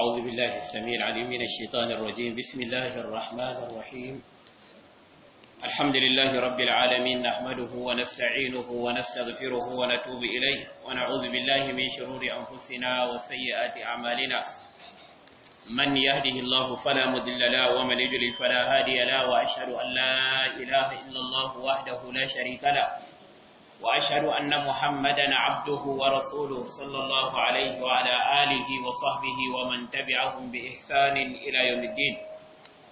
أعوذ بالله السميع العليم من الشيطان الرجيم بسم الله الرحمن الرحيم الحمد لله رب العالمين نحمده ونستعينه ونستغفره ونتوب إليه ونعوذ بالله من شرور أنفسنا وسيئات أعمالنا من يهده الله فلا مضل له ومن يضلل فلا هادي له وأشهد أن لا إله إلا الله وحده لا شريك له وأشهد أن محمدا عبده ورسوله صلى الله عليه وعلى آله وصحبه ومن تبعهم بإحسان إلى يوم الدين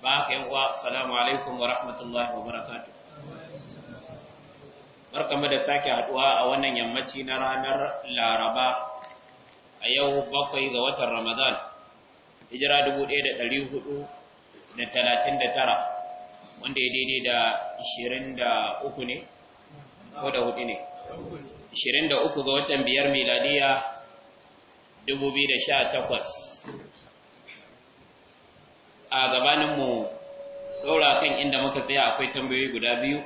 باقي السلام عليكم ورحمة الله وبركاته barkamu da sake haduwa a wannan yammaci na ranar Laraba a yau bakwai ga watan Ramadan hijira 1439 wanda ya daidai da 23 ne ko hudu ne 23 ga watan biyar miladiya 2018 a gabaninmu ɗora kan inda muka tsaye akwai tambayoyi guda biyu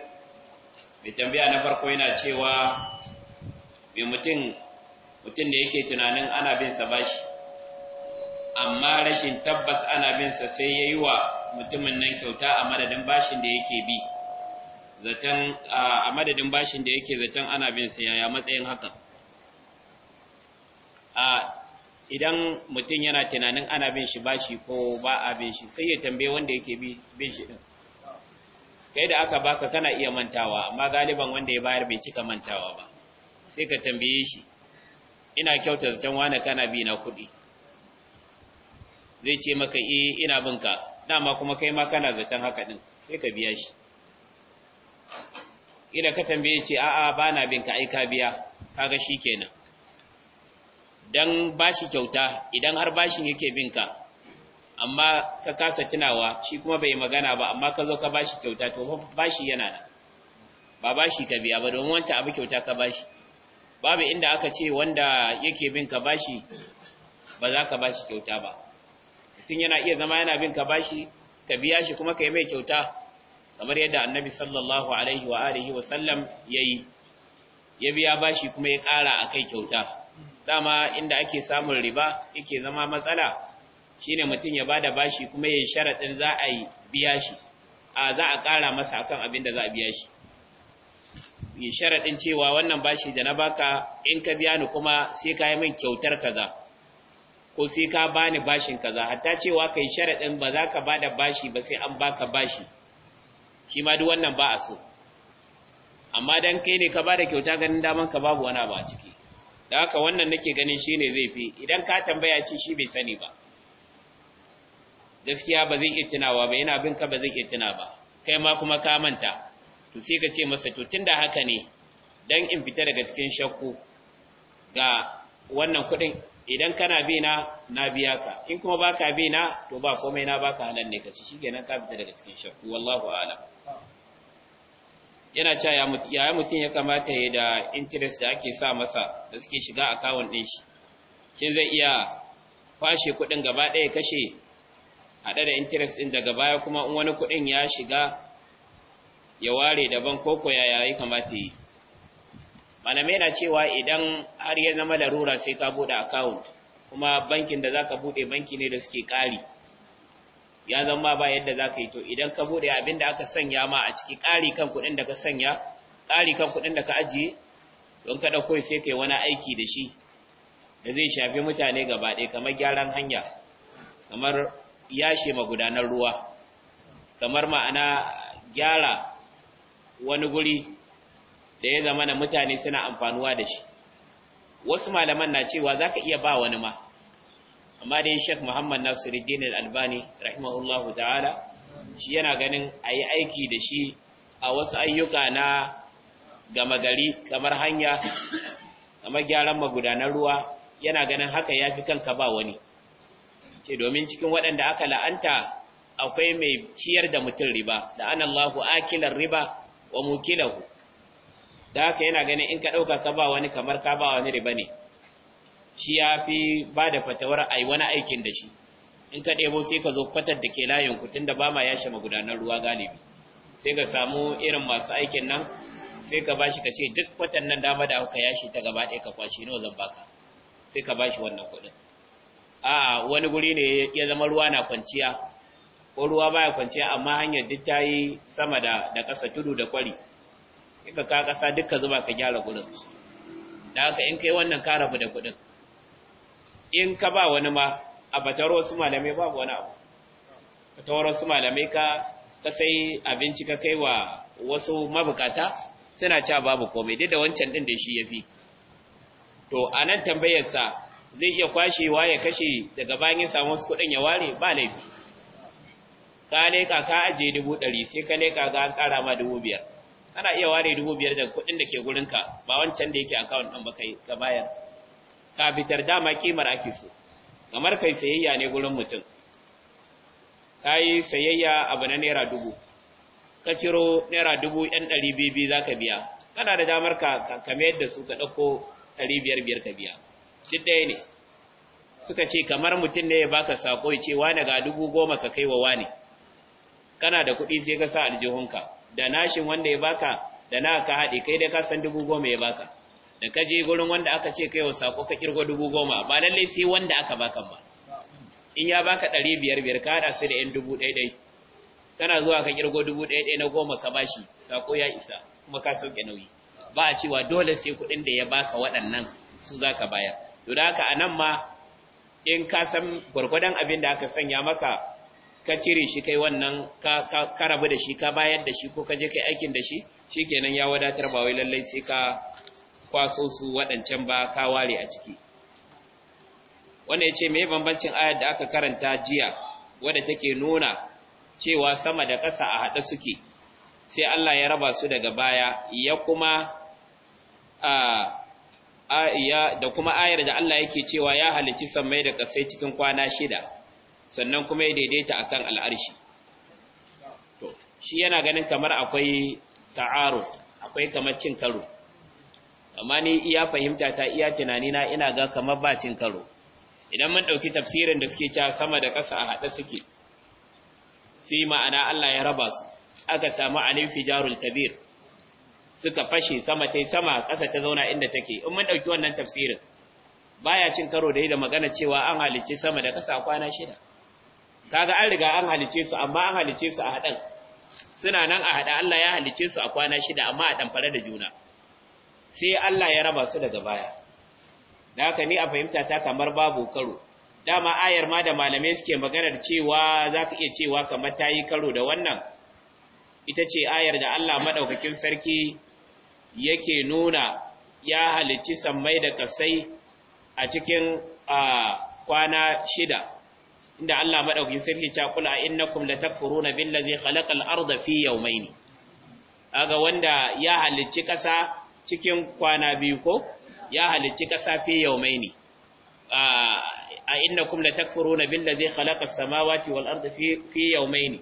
mai tambaya na farko yana cewa mai mutum mutum da yake tunanin ana bin sa bashi amma rashin tabbas ana bin sa sai yayi wa mutumin nan kyauta a madadin bashin da yake bi zaton a madadin bashin da yake zaton ana bin sa matsayin haka a idan mutum yana tunanin ana bin shi bashi ko ba a bin shi sai ya tambaye wanda yake bin shi din kai da aka baka kana iya mantawa amma galiban wanda ya bayar bai cika mantawa ba sai ka tambaye shi ina kyauta zaton wane kana bi na kuɗi zai ce maka eh ina binka dama kuma kai ma kana zaton haka din sai ka biya shi Idan ka tambaye ce a'a bana bin ka aika biya kaga kenan. dan bashi kyauta idan har bashin yake bin ka amma ka kasa tunawa shi kuma bai magana ba amma ka zo ka bashi kyauta to bashi yana da, ba bashi ka biya ba domin wancan abu kyauta ka bashi babu inda aka ce wanda yake bin ka bashi ba za ka bashi kyauta ba mutum yana iya zama yana bin ka bashi ka biya shi kuma ka yi mai kyauta kamar yadda annabi sallallahu alaihi wa alihi wa sallam yayi ya biya bashi kuma ya ƙara akai kyauta dama inda ake samun riba yake zama matsala shine mutum ya bada bashi kuma yayi sharadin za a yi biya shi a za a ƙara masa akan abin da za a biya shi ya sharadin cewa wannan bashi da na baka in ka biya ni kuma sai ka yi min kyautar kaza ko sai ka bani bashin kaza hatta cewa kai sharadin ba za ka bada bashi ba sai an baka bashi shi ma duk wannan ba a so amma dan kai ne ka ba da kyauta ganin daman ka babu wani ba a ciki da haka wannan nake ganin shi ne zai fi idan ka tambaya ce shi bai sani ba gaskiya ba zai iya tunawa ba yana bin ka ba zai iya tuna ba kai ma kuma ka manta to sai ka ce masa to tunda haka ne dan in fita daga cikin shakku ga wannan kuɗin idan kana bi na na biya ka in kuma baka bi na to ba komai na baka halal ne ka ci shikenan ka fita daga cikin shakku wallahu a'lam yana cewa yaya mutum ya kamata ya da interest da ake sa masa da suke shiga akawun ɗin shi shin zai iya kwashe kuɗin gaba ɗaya kashe haɗe da interest ɗin daga baya kuma in wani kuɗin ya shiga ya ware daban koko yaya ya kamata yi malamai na cewa idan har ya zama larura sai ka buɗe account kuma bankin da zaka buɗe banki ne da suke ƙari ya zama ba yadda za ka yi to idan ka bude abin da aka sanya ma a ciki ƙari kan kuɗin da ka sanya ƙari kan kuɗin da ka ajiye don ka ɗauko sai ka yi wani aiki da shi da zai shafi mutane gaba ɗaya kamar gyaran hanya kamar yashe magudanar ruwa kamar ma'ana gyara wani guri da ya zama na mutane suna amfanuwa da shi wasu malaman na cewa za ka iya ba wani ma amma dai Sheikh Muhammad Nasiruddin Al-Albani rahimahullahu ta'ala shi yana ganin ayi aiki da shi a wasu ayyuka na gama gari kamar hanya kamar gyaran magudanar ruwa yana ganin haka yafi kanka ba wani ce domin cikin waɗanda aka la'anta akwai mai ciyar da mutum riba la'anallahu akilar riba wa mukilahu da haka yana ganin in ka ɗauka ka ba wani kamar ka ba wani riba ne shi ya fi ba da fatawar a yi wani aikin da shi in ka ɗebo sai ka zo fatar da ke layin kutun da ba ma yashe magudanar ruwa galibi sai ka samu irin masu aikin nan sai ka bashi ka ce duk fatan nan dama da aka yashi ta gaba ɗaya ka kwashi nawa zan baka sai ka bashi wannan kuɗin a wani guri ne ya zama ruwa na kwanciya ko ruwa baya kwanciya amma hanyar duk ta yi sama da da ƙasa tudu da kwari in ka ka ƙasa duk ka zuba ka gyara gurin da haka in kai wannan ka rabu da kuɗin in ka ba wani ma a batawar wasu malamai babu wani abu batawar wasu malamai ka ka sai abinci ka kai wa wasu mabukata suna cewa babu komai duk da wancan din da shi ya fi. to anan tambayar sa zai iya kwashe wa ya kashe daga bayan ya samu wasu ya ware ba laifi ka leka ka ajiye dubu ɗari sai ka leka ga an ƙara ma dubu biyar ana iya ware dubu biyar daga kuɗin da ke gurinka ba wancan da yake akawun ɗin ba kai ka bayar ka fitar dama kimar ake so kamar kai sayayya ne gurin mutum ka yi sayayya abu na naira dubu ka ciro naira dubu yan ɗari biyu za ka biya kana da damar ka kame da su ka ɗauko ɗari biyar biyar ka biya duk ɗaya ne suka ce kamar mutum ne ya baka sako ya ce wane ga dubu goma ka kai wa wane kana da kuɗi sai ka sa aljihunka da nashin wanda ya baka da na ka haɗe kai dai ka san dubu goma ya baka da ka je gurin wanda aka ce kai wa sako ka kirgo dubu goma ba lallai sai wanda aka baka ba in ya baka ɗari biyar biyar ka haɗa su da yan dubu ɗaya ɗai kana zuwa ka kirgo dubu ɗaya na goma ka bashi sako ya isa kuma ka sauke nauyi ba a cewa dole sai kuɗin da ya baka waɗannan su za ka bayar to da haka a nan ma in ka san gwargwadon abin da aka sanya maka ka cire shi kai wannan ka rabu da shi ka bayar da shi ko ka je kai aikin da shi shikenan ya wadatar ba wai lallai sai ka kwaso su waɗancan ba ka a ciki wanda ya ce mai bambancin ayar da aka karanta jiya wadda take nuna cewa sama da ƙasa a haɗe suke sai Allah ya raba su daga baya ya kuma da kuma ayar da Allah yake cewa ya halicci sammai da ƙasai cikin kwana shida sannan kuma ya daidaita a kan al'arshi shi yana ganin kamar akwai ta'aruf akwai kamar cin karo amma ni iya fahimta ta iya tunani na ina ga kamar ba cin karo idan mun dauki tafsirin da suke cewa sama da ƙasa a hada suke sai ma'ana Allah ya raba su aka samu alin fijarul kabir suka fashe sama tai sama ƙasa ta zauna inda take in mun dauki wannan tafsirin baya cin karo da da magana cewa an halicce sama da ƙasa kwana shida kaga an riga an halicce su amma an halicce su a hadan suna nan a hada Allah ya halicce su a kwana shida amma a damfare da juna sai Allah ya raba su daga baya da haka ni a fahimta ta kamar babu karo dama ayar ma da malamai suke maganar cewa ka iya cewa kamar yi karo da wannan ita ce ayar da Allah maɗaukakin sarki yake nuna ya halicci sammai da kasai a cikin kwana shida inda Allah maɗaukakin sarki ta kula innakum billa zai halakal arda fi ne, aga wanda ya halicci ƙasa. cikin kwana biyu ko ya halicci ƙasa fi ne, a bin da zai na samawa zai wal arda fi mai ne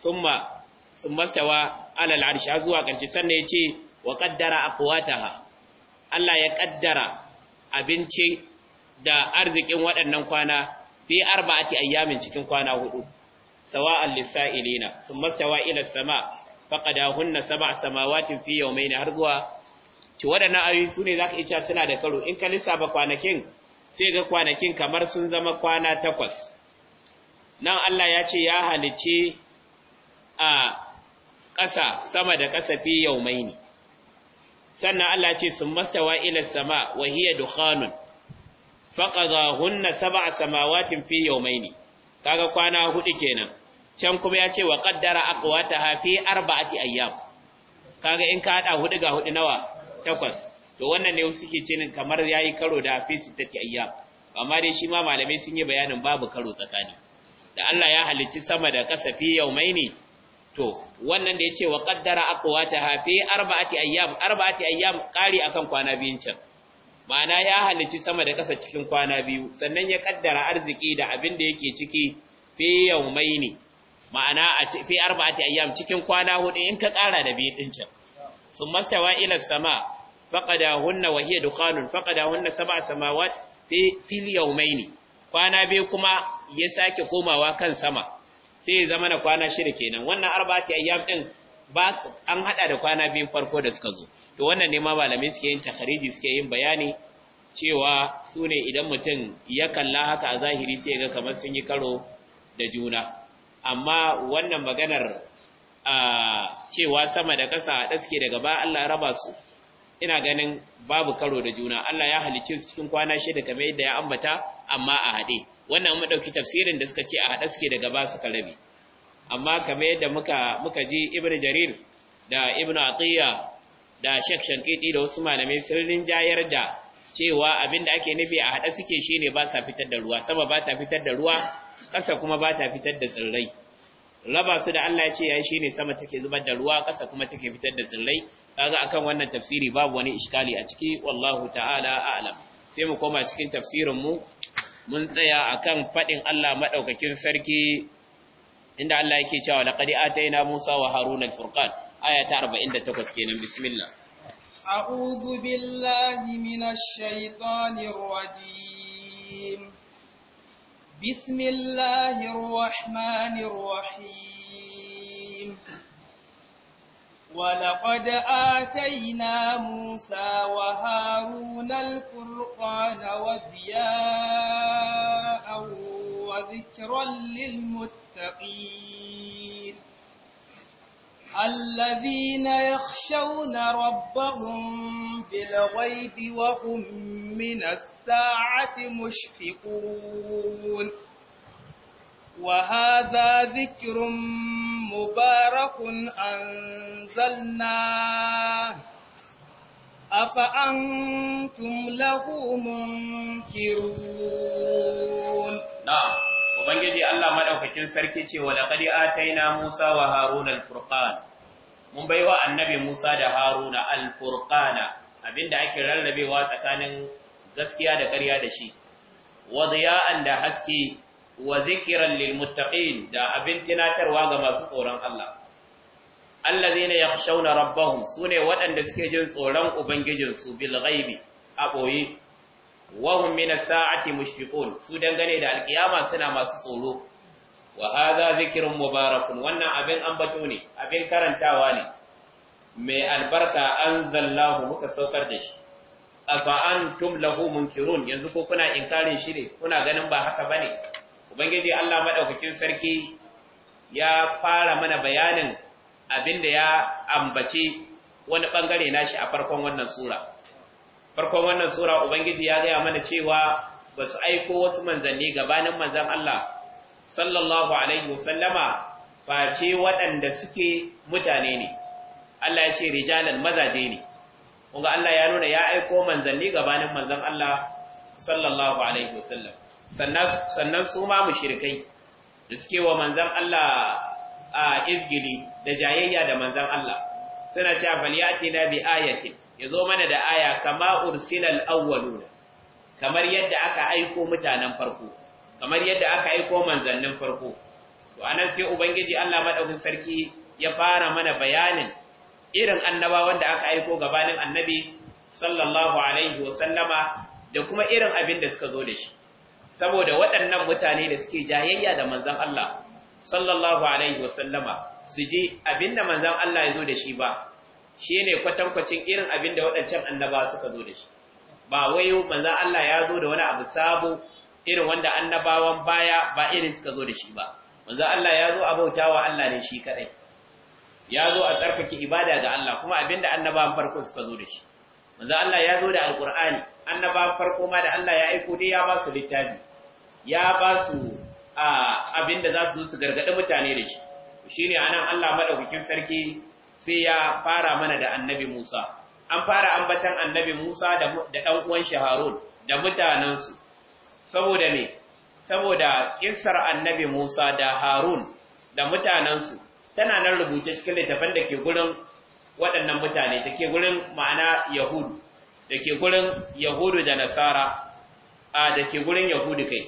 sun ma sun mastawa alal arshi zuwa ƙarshe, sannan ya yace wa qaddara ha Allah ya ƙaddara abinci da arzikin waɗannan kwana fi arba'ati ayyamin cikin kwana hudu sawa'an lis Ilina, thumma ila sama hunna sab'a samawati fi yawmayn har zuwa ci wadana ayi sune ne zaka iya suna da karo in ka lissafa kwanakin sai ga kwanakin kamar sun zama kwana takwas nan Allah ya ce ya halice a ƙasa sama da ƙasa fi yawmayn sannan Allah ce sun mastawa ila sama wa hiya dukhanun hunna sab'a samawati fi yawmayn kaga kwana hudu kenan can kuma ya ce wa ta aqwataha fi arba'ati ayyam kaga in ka haɗa hudu ga hudu nawa takwas to wannan ne suke cewa kamar ya yi karo da fi sittati ayyam amma dai shi ma malamai sun yi bayanin babu karo tsakani da Allah ya halicci sama da kasa fi ne? to wannan da ya ce wa ta aqwataha fi arba'ati ayyam arba'ati ayyam kari akan kwana biyun can ma'ana ya halicci sama da kasa cikin kwana biyu sannan ya ƙaddara arziki da abin da yake ciki fi ne. ma'ana a fi arba'ati ayyam cikin kwana hudu in ka kara da biyu din can sun mastawa ila sama hunna wa hiya faqada hunna sab'a samawat fi fil yawmaini kwana bi kuma ya sake komawa kan sama sai ya zama na kwana shida kenan wannan arba'ati ayyam din ba an hada da kwana biyu farko da suka zo to wannan ne ma malamai suke yin takhariji suke yin bayani cewa sune idan mutum ya kalla haka a zahiri sai ga kamar sun yi karo da juna amma wannan maganar a cewa sama da kasa a suke daga ba Allah raba su ina ganin babu karo da juna Allah ya halicce su cikin kwana shida kamar yadda ya ambata amma a haɗe wannan mu dauki tafsirin da suka ce a haɗe suke daga ba su rabe amma kamar yadda muka muka ji ibnu Jarir da Ibn atiya da shek Shankidi da wasu malamai sun rinjayar da cewa abinda ake nufi a haɗe suke shine ba sa fitar da ruwa sama ba ta fitar da ruwa ƙasa kuma ba ta fitar da tsirrai raba su da Allah ya ce ya shi ne sama take zubar da ruwa ƙasa kuma take fitar da tsirrai kaga akan wannan tafsiri babu wani iskali a ciki wallahu ta'ala a'lam sai mu koma cikin tafsirin mu mun tsaya akan fadin Allah madaukakin sarki inda Allah yake cewa laqad ataina Musa wa Harun al-Furqan aya ta 48 kenan bismillah a'udhu billahi shaitanir rajim بسم الله الرحمن الرحيم ولقد آتينا موسى وهارون الفرقان وضياء وذكرا للمتقين الذين يخشون ربهم بالغيب وهم من الساعة مشفقون وهذا ذكر مبارك أنزلناه أفأنتم له منكرون نعم ubangiji Allah maɗaukakin sarki ce wa laqad ataina Musa wa Haruna al-furqan mun baiwa annabi Musa da Haruna al-furqana abinda ake rarrabewa tsakanin gaskiya da ƙarya da shi wa diya'an da haske wa zikiran lil da abin tunatarwa ga masu tsoron Allah Allah allazina yakhshawna su sune waɗanda suke jin tsoron ubangijinsu bil ghaibi a boye wahum min as-sa'ati mushfiqun su dangane da alkiyama suna masu tsoro wa hadha dhikrun mubarakun wannan abin ambato ne abin karantawa ne mai albarka zallahu muka saukar da shi afa antum lahu munkirun yanzu ko kuna inkarin shi ne kuna ganin ba haka bane ubangiji Allah madaukakin sarki ya fara mana bayanin abinda ya ambace wani bangare nashi a farkon wannan sura farkon wannan sura ubangiji ya gaya mana cewa ba su aiko wasu manzanni gabanin manzan Allah sallallahu alaihi wasallama face waɗanda suke mutane ne Allah ya ce rijalan mazaje ne Kuma Allah ya nuna ya aiko manzanni gabanin manzan Allah sallallahu alaihi wasallam sannan sannan su ma mushrikai da suke wa manzan Allah a izgili da jayayya da manzan Allah suna cewa bal ya'tina bi ayatin ya zo mana da aya kama ursilal awwaluna kamar yadda aka aiko mutanen farko kamar yadda aka aiko manzannin farko to anan sai ubangiji Allah madaukin sarki ya fara mana bayanin irin annabawan da aka aiko gabanin annabi sallallahu alaihi wa sallama da kuma irin abin da suka zo da shi saboda waɗannan mutane da suke jayayya da manzon Allah sallallahu alaihi wa sallama su ji abin da manzon Allah ya zo da shi ba Shi ne kwatankwacin irin abin da waɗancan annaba suka zo da shi ba wai manza Allah ya zo da wani abu sabo irin wanda annabawan baya ba irin suka zo da shi ba manza Allah ya zo a wa Allah ne shi kadai ya zo a tsarkake ibada ga Allah kuma abin da annabawan farko suka zo da shi manza Allah ya zo da alqur'ani annabawan farko ma da Allah ya aiko dai ya ba su littafi ya ba su ah, abin da za su zo su gargaɗi mutane da shi shine anan Allah madaukakin sarki sai ya fara mana da annabi Musa an fara ambatan annabi Musa da ɗanuwan uwan shi Harun da mutanensu saboda ne saboda kissar annabi Musa da Harun da mutanensu tana nan rubuce cikin littafin da ke gurin waɗannan mutane da ke gurin ma'ana Yahudu da ke gurin Yahudu da Nasara a da ke gurin Yahudu kai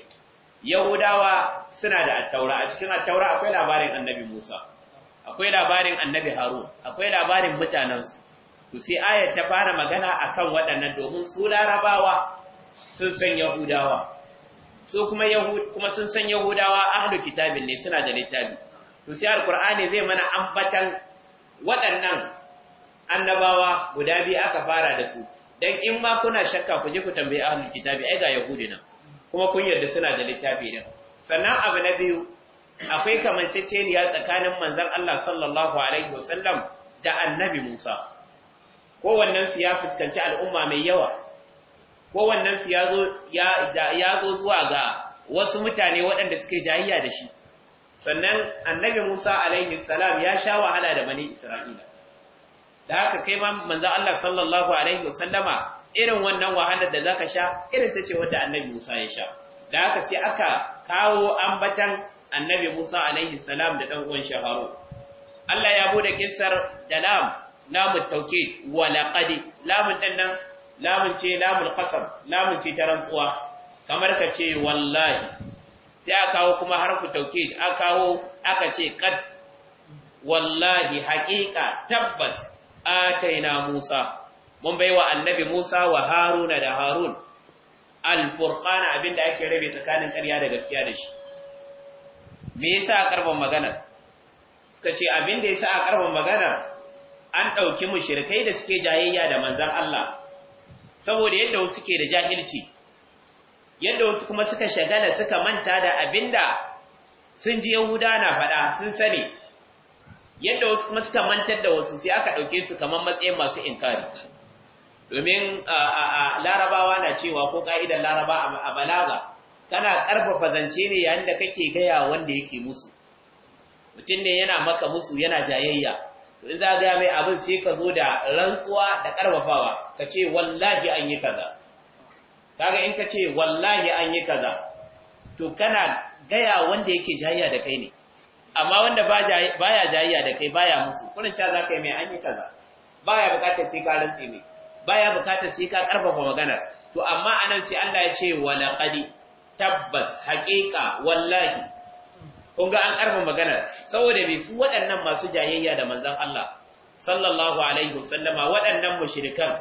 Yahudawa suna da attaura a cikin attaura akwai labarin annabi Musa akwai labarin annabi harun akwai labarin mutanensu to sai ayat ta fara magana akan waɗannan domin su larabawa sun san yahudawa su kuma yahud kuma sun san yahudawa ahlul kitabin ne suna da littafi to sai alqur'ani zai mana ambatan waɗannan annabawa guda biyu aka fara da su dan in ma kuna shakka ku je ku tambayi ahlul kitabi ai ga Yahudina, kuma kun yarda suna da littafi din sannan abu na biyu akwai kamanceceniya tsakanin manzon Allah sallallahu alaihi wasallam da annabi Musa kowannen su ya fuskanci al'umma mai yawa kowannen su ya zo ya zuwa ga wasu mutane waɗanda suke jayayya da shi sannan annabi Musa alaihi salam ya sha wahala da bani Isra'ila da haka kai ma manzon Allah sallallahu alaihi wasallama irin wannan wahalar da zaka sha irin ta ce wanda annabi Musa ya sha da haka sai aka kawo ambatan annabi Musa alaihi salam da ɗan'uwan uwan shaharu. Allah ya bude kissar da lam lamun tauke wa laqad lamun nan lamun ce lamul qasam lamun ce ta rantsuwa kamar ka ce wallahi sai a kawo kuma ku tauke aka kawo aka ce qad wallahi haqiqa tabbas ataina Musa mun baiwa annabi Musa wa Haruna da Harun al abin abinda ake rabe tsakanin ƙarya da gaskiya da shi me yasa a karban maganar suka ce abin da sa a karban maganar an ɗauki mu mushrikai da suke jayayya da manzan Allah saboda yadda wasu ke da jahilci yadda wasu kuma suka shagala suka manta da abin da sun ji Yahuda na faɗa sun sani yadda wasu kuma suka mantar da wasu sai aka ɗauke su kamar matsayin masu inkari domin larabawa na cewa ko ƙa'idar laraba a balaga kana ƙarfafa zance ne yayin da kake gaya wanda yake musu mutum ne yana maka musu yana jayayya to in za ga mai abin sai ka zo da rantsuwa da ƙarfafawa ka ce wallahi an yi kaza kaga in ka ce wallahi an yi kaza to kana gaya wanda yake jayayya da kai ne amma wanda baya jayayya da kai baya musu kullun cha za ka yi mai an yi kaza baya bukatar sai ka rantsi ne baya bukatar sai ka ƙarfafa maganar to amma anan sai Allah ya ce qadi tabbas haƙiƙa wallahi kun ga an ƙarfin magana saboda bai su waɗannan masu jayayya da manzan Allah sallallahu alaihi wasallama waɗannan mushrikan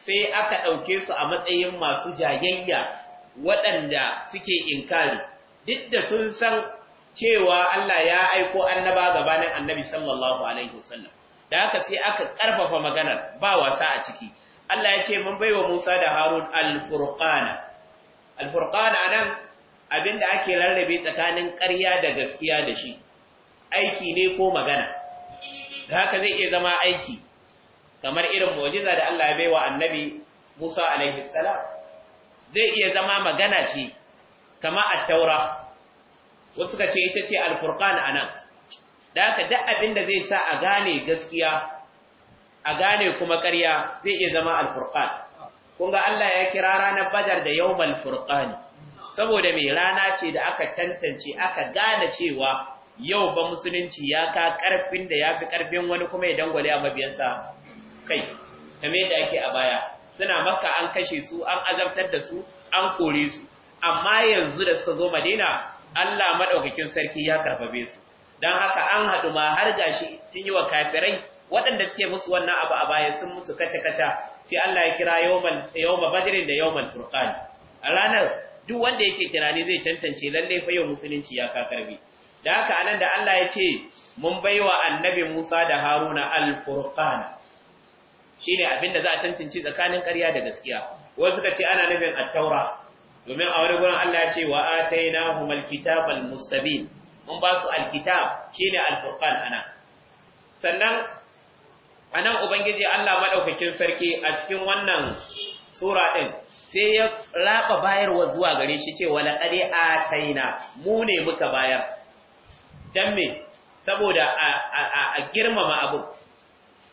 sai aka ɗauke su a matsayin masu jayayya waɗanda suke inkari duk da sun san cewa Allah ya aiko annaba gabanin annabi sallallahu alaihi wasallam da haka sai aka ƙarfafa maganar ba wasa a ciki Allah ya ce mun baiwa Musa da Harun al-Furqana alfurqan anan abinda ake rarrabe tsakanin ƙarya da gaskiya da shi aiki ne ko magana haka zai iya zama aiki kamar irin mu'jiza da Allah ya wa annabi Musa alaihi salam zai iya zama magana ce kama at-taura wasu ka ce ita ce alfurqan anan da haka duk abinda zai sa a gane gaskiya a gane kuma ƙarya zai iya zama Alfurkan. kun ga Allah ya kira ranar badar da yau Malfurkani, saboda mai rana ce da aka tantance aka gane cewa yau ba musulunci ya ka karfin da ya fi karfin wani kuma ya dangwale a mabiyansa kai kamar yadda ake a baya suna maka an kashe su an azabtar da su an kore su amma yanzu da suka zo madina Allah madaukakin sarki ya karfafe su dan haka an haɗu ma har gashi sun yi wa kafirai waɗanda suke musu wannan abu a baya sun musu kace-kace sai Allah ya kira yawmal yawma badrin da yawmal furqan a ranar duk wanda yake tunani zai tantance lalle fa yau musulunci ya ka karbi da haka anan da Allah ya ce mun baiwa annabi Musa da Haruna al-furqan shine abinda za a tantance tsakanin ƙarya da gaskiya wasu suka ce ana nufin at-taura domin a wani gurin Allah ya ce wa atainahumul kitabal mustabin mun ba su al-kitab shine al-furqan ana sannan anan ubangiji Allah madaukakin sarki a cikin wannan sura ɗin, sai ya raba bayarwa zuwa gare shi ce cewa laqad ataina mu ne muka bayar dan me saboda a girmama abun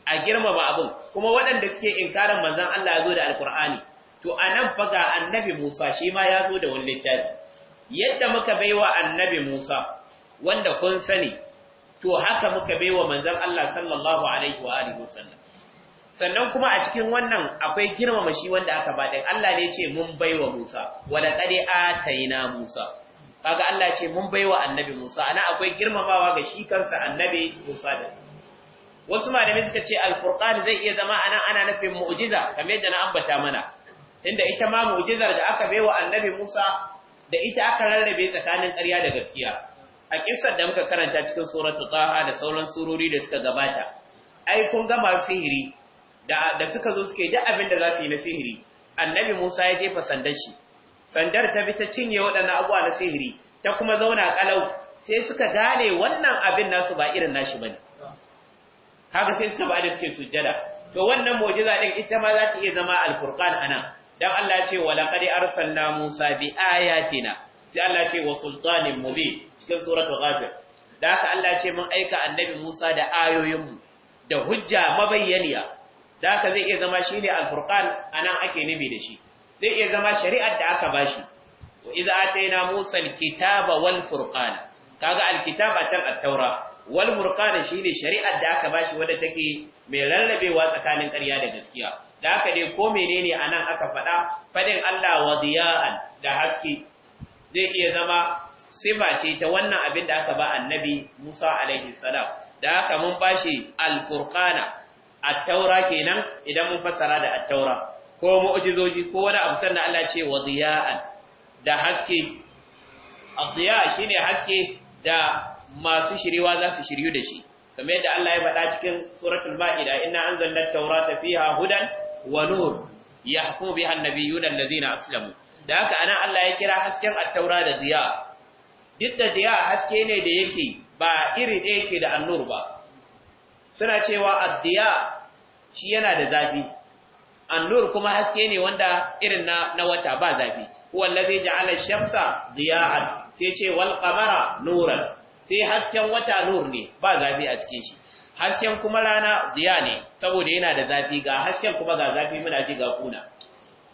a girmama kuma waɗanda suke inkarin manzon Allah ya zo da alkur'ani to anan fa ga annabi Musa shi ma ya zo da wani littafi yadda muka baiwa annabi Musa wanda kun sani to haka muka baiwa manzon Allah sallallahu alaihi wa alihi wasallam sannan kuma a cikin wannan akwai girmama shi wanda aka ba Allah ne ce mun baiwa Musa wala qad ataina Musa kaga Allah ce mun baiwa annabi Musa ana akwai girmamawa ga shi kansa annabi Musa da wasu malami suka ce alqur'ani zai iya zama ana ana nufin mu'jiza kamar yadda na ambata mana tunda ita ma mu'jizar da aka baiwa annabi Musa da ita aka rarrabe tsakanin ƙarya da gaskiya a kisar da muka karanta cikin suratul taha da sauran surori da suka gabata ai kun gama sihiri da da suka zo suke ja abin da za su yi na sihiri annabi Musa ya jefa sandar shi sandar ta bi ta cinye waɗannan abuwa na sihiri ta kuma zauna kalau sai suka gane wannan abin nasu ba irin nashi bane kaga sai suka ba da suke sujjada to wannan mu'jiza din ita ma za ta iya zama alqur'an anan dan Allah ya ce wa laqad arsalna Musa bi ayatina sai Allah ya ce wa sultanin mubin cikin suratul ghafir da haka Allah ce mun aika annabi Musa da ayoyinmu da hujja mabayyaniya da haka zai iya zama shine alfurqan anan ake nubi da shi zai iya zama shari'ar da aka bashi wa idza ataina Musa alkitaba wal furqana kaga alkitaba can at-taura wal furqana shine shari'ar da aka bashi wanda take mai rarrabewa tsakanin ƙarya da gaskiya da haka dai ko menene anan aka faɗa fadin Allah wadiya'an da haske zai iya zama sifa ce ta wannan abin da aka ba annabi Musa alaihi salam da aka mun bashi al-furqana at kenan idan mun fassara da at-taura ko mu'jizoji ko wani abu sannan Allah ce wa da haske ad shine haske da masu shiriwa za su shiryu da shi kamar yadda Allah ya faɗa cikin suratul ma'ida inna anzalna at-taurata fiha hudan wa nur yahkumu biha an-nabiyyuna allazina aslamu da haka anan Allah ya kira hasken at-taura da ziya duk da diya haske ne da yake ba iri ɗaya ke da annur ba suna cewa addiya shi yana da zafi annur kuma haske ne wanda irin na, na wata ba zafi wallazi ja'ala shamsa diya'an sai ce wal qamara nuran sai hasken wata nur ne ba zafi a cikin shi hasken kuma rana diya ne saboda yana da zafi ga hasken kuma ga zafi muna ji ga kuna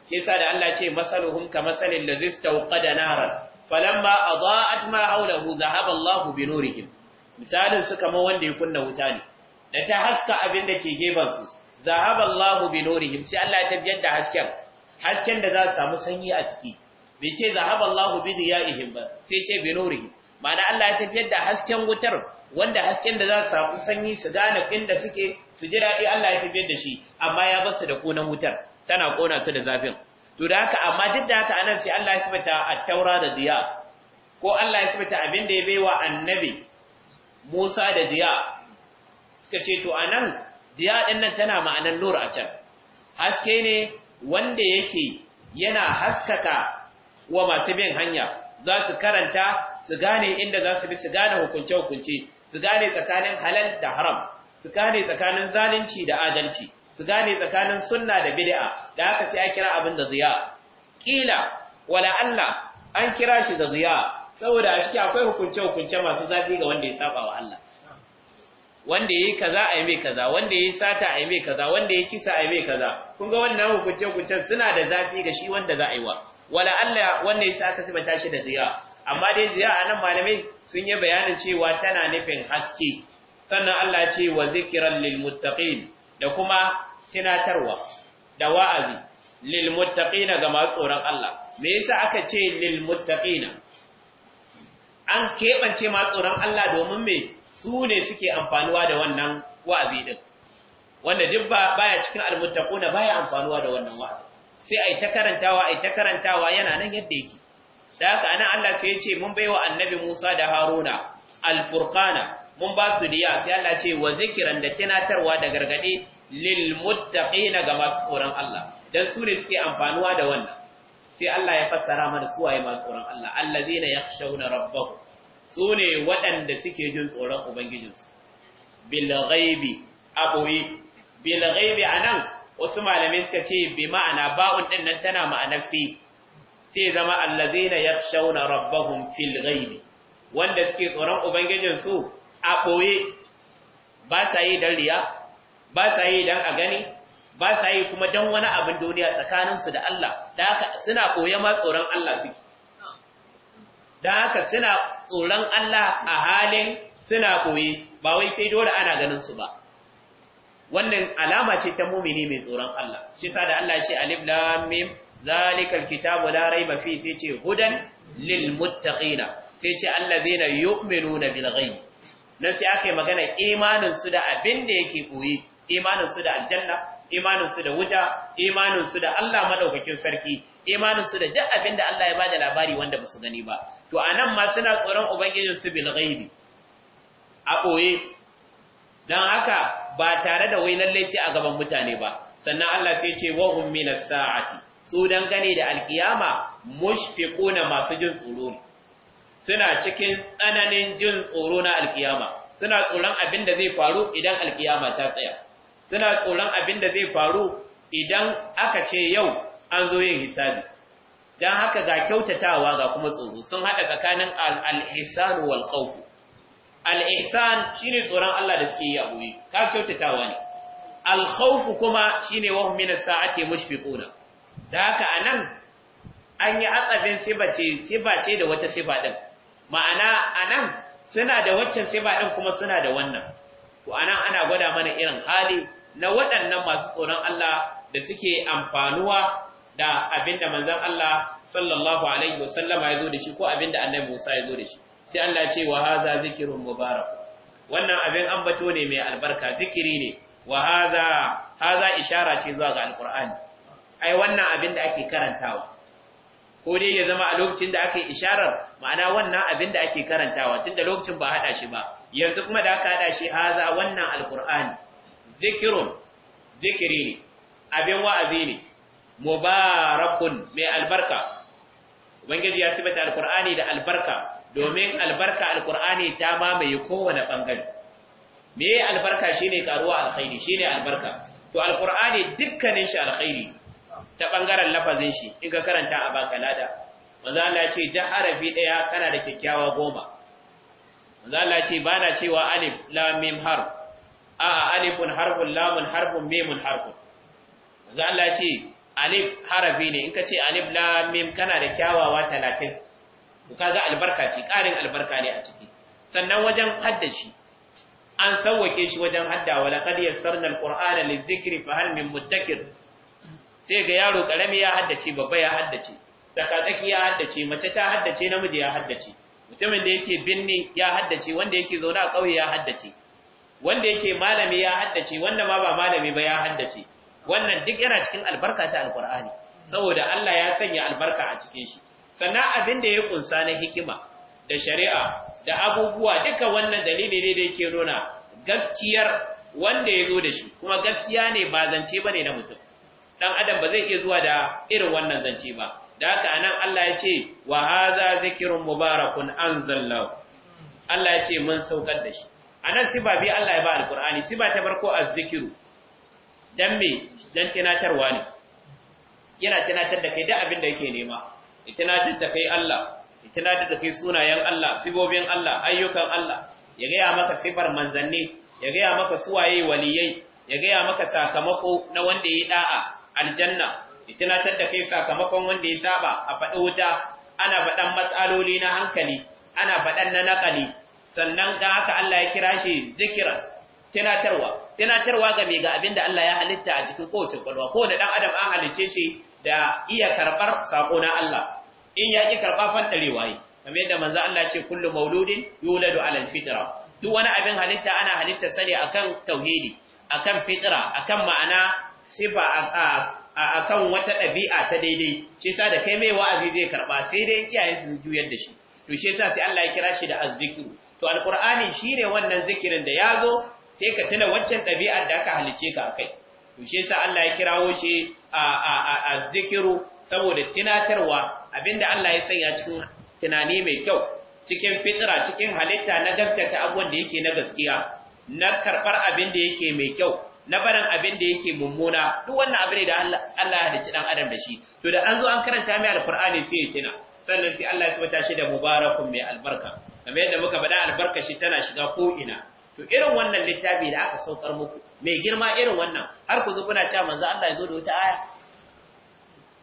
sai sa da Allah ce masaluhum ka masalil ladhi istawqada naran falamma adaa'at ma hawlahu zahaba Allahu bi nurihim misalin su kamar wanda ya kunna wuta ne da ta haska abin da ke gefen su zahaba Allahu bi nurihim sai Allah ya tafiyar da hasken hasken da za su samu sanyi a ciki bai ce zahaba Allahu bi diyaihim ba sai ce bi nurihim ma'ana Allah ya tafiyar da hasken wutar wanda hasken da za su samu sanyi su gane inda suke su ji daɗi Allah ya tafiyar da shi amma ya basu su da konan wutar tana kona su da zafin to da haka amma duk da haka anan sai Allah ya sifata at-taura da diya ko Allah ya sifata abin da ya baiwa annabi Musa da diya suka ce to anan diya din nan tana ma'anar nur a can haske ne wanda yake yana haskaka wa masu bin hanya za su karanta su gane inda za su bi su gane hukunce hukunce su gane tsakanin halal da haram su gane tsakanin zalunci da adalci su gane tsakanin sunna da bid'a da haka sai a kira abin da ziya kila wala Allah an kira shi da ziya saboda a ciki akwai hukunce hukunce masu zafi ga wanda ya saba wa Allah wanda yayi kaza a mai kaza wanda yayi sata a yi mai kaza wanda yayi kisa a mai kaza kun ga wannan hukunce hukunce suna da zafi ga shi wanda za a yi wa wala Allah wanda ya sai sibata shi da ziya amma dai ziya anan malamai sun yi bayanin cewa tana nufin haske sannan Allah ce wa zikran lil muttaqin da kuma Tinatarwa da wa'azi lil muttaqina ga masu tsoron Allah me yasa aka ce lil muttaqina an keɓance masu tsoron Allah domin me su ne suke amfanuwa da wannan wa'azi din wanda duk baya cikin almuttaquna baya amfanuwa da wannan wa'azi sai ai ta karantawa ai ta karantawa yana nan yadda yake da haka anan Allah sai ya ce mun baiwa annabi Musa da Haruna alfurkana mun ba su diya sai Allah ce wa zikiran da tinatarwa da gargade lilmuttaqina ga masu tsoron Allah dan su ne suke amfanuwa da wannan sai Allah ya fassara mana su waye masu tsoron Allah allazina yakhshawna rabbahum su ne waɗanda suke jin tsoron ubangijinsu bil ghaibi aboyi bil ghaibi anan wasu malamai suka ce bi ma'ana ba'un din nan tana ma'anar fi sai zama allazina yakhshawna rabbahum fil ghaibi wanda suke tsoron ubangijinsu a boye ba sa yi dariya. ba sa yi dan a gani ba sa yi kuma dan wani abin duniya tsakaninsu da Allah da haka suna koya ma tsoron Allah su da haka suna tsoron Allah a halin suna koyi ba wai sai dole ana ganin su ba wannan alama ce ta mumini mai tsoron Allah shi sa da Allah shi alif lam mim zalikal kitabu la raiba fi sai ce hudan lil muttaqina sai ce allazina yu'minuna na ghaib nan sai aka yi magana imanin su da abin da yake koyi imaninsu da aljanna imaninsu da wuta imaninsu da Allah madaukakin sarki imaninsu da duk abin da Allah ya ba da labari wanda ba su gani ba to anan ma suna tsoron ubangijinsu bil ghaibi a boye dan haka ba tare da wai lalle ce a gaban mutane ba sannan Allah sai ce wa hum as sa'ati su dangane da alkiyama mushfiquna masu jin tsoro suna cikin tsananin jin tsoro na alkiyama suna tsoron abin da zai faru idan alkiyama ta tsaya suna tsoron abin da zai faru idan aka ce yau an zo yin hisabi dan haka ga kyautatawa ga kuma tsoro sun hada tsakanin al-ihsan wal khawf al shine tsoron Allah da suke yi a ka kyautatawa ne al-khawf kuma shine wahum min as-sa'ati mushfiquna dan haka anan an yi atsabin sibace sibace da wata siba ɗin, ma'ana anan suna da waccan siba ɗin kuma suna da wannan to anan ana gwada mana irin hali na waɗannan masu tsoron Allah da suke amfanuwa da abinda manzon Allah sallallahu alaihi wasallama ya zo da shi ko abinda annabi Musa ya zo da shi sai Allah ce wa hadha zikirin mubarak wannan abin ambato ne mai albarka zikiri ne wa haza ishara ce zuwa ga Alƙur'ani. ai wannan abin da ake karantawa ko dai ya zama a lokacin da aka yi isharar ma'ana wannan abin da ake karantawa tun da lokacin ba haɗa shi ba yanzu kuma da aka haɗa shi haza wannan alkur'ani zikirun zikiri ne abin wa'azi ne mubarakun mai albarka ubangiji ya sibata alkur'ani da albarka domin albarka alkur'ani ta mamaye kowane bangare me albarka shine karuwa alkhairi shine albarka to alkur'ani dukkanin shi alkhairi ta bangaren lafazin shi in ka karanta a baka lada manzo Allah ce da harafi daya kana da kyakkyawa goma manzo Allah ya ce bana cewa alif lam mim a alifun harfun lamun harfun memun harfun manzo Allah ce alif harafi ne in ka ce alif lam kana da kyawawa talatin. to kaga albarka ce ƙarin albarka ne a ciki sannan wajen haddashi an sauwake shi wajen hadda wa laqad yassarna alqur'ana lidhikri fa muddakir sai ga yaro ƙarami ya haddace babba ya haddace tsakatsaki ya haddace mace ta haddace namiji ya haddace mutumin da yake binni ya haddace wanda yake zaune a ƙauye ya haddace wanda yake malami ya haddace wanda ma ba malami ba ya haddace wannan duk yana cikin albarka ta alqur'ani saboda Allah ya sanya albarka a cikin shi sannan abin da ya kunsa na hikima da shari'a da abubuwa duka wannan dalili ne da yake nuna gaskiyar wanda ya zo da shi kuma gaskiya ne ba zance bane na mutum dan adam ba zai iya zuwa da irin wannan zance ba da haka anan Allah ya ce wa hadha zikrun mubarakun anzalallahu Allah ya ce mun saukar da shi anan siba bi Allah ya ba alqur'ani siba ta farko azzikiru dan me dan tinatarwa ne yana tinatar da kai da abin da yake nema ya tinatar da kai Allah ya tinatar da kai sunayen Allah sibobin Allah ayyukan Allah ya gaya maka sifar manzanni ya gaya maka suwaye waliyai ya gaya maka sakamako na wanda ya da'a aljanna ya tunatar da kai sakamakon wanda ya saba a faɗi wuta ana faɗan matsaloli na hankali ana faɗan na naƙali sannan ga haka Allah ya kira shi zikira tunatarwa tunatarwa ga mai ga abinda Allah ya halitta a cikin kowace kwalwa ko da dan adam an halice shi da iya karbar sako na Allah in ya ki karba fantarewa yi kamar yadda manzo Allah ce kullu mauludin yuladu ala alfitra duk wani abin halitta ana halitta sane akan tauhidi akan fitra akan ma'ana sifa akan wata ɗabi'a ta daidai shi sa da kai mai wa'azi zai karba sai dai kiyaye su juyar da shi to shi sa sai Allah ya kira shi da azzikru to alqur'ani shine wannan zikirin da yazo sai ka tuna wancan dabi'ar da aka halice ka akai to shi yasa Allah ya kirawo shi a a a zikiru saboda tunatarwa abinda Allah ya sanya cikin tunani mai kyau cikin fitra cikin halitta na gaskata abuwan da yake na gaskiya na karbar abin da yake mai kyau na barin abin da yake mummuna duk wannan abin da Allah ya dace dan adam da shi to da an zo an karanta mai alqur'ani sai ya tuna sannan sai Allah ya tabbata shi da mubarakun mai albarka kamar yadda muka faɗa albarkashi tana shiga ko ina to irin wannan littafi da aka saukar muku mai girma irin wannan har ku kuna cewa manzo Allah ya zo da wata aya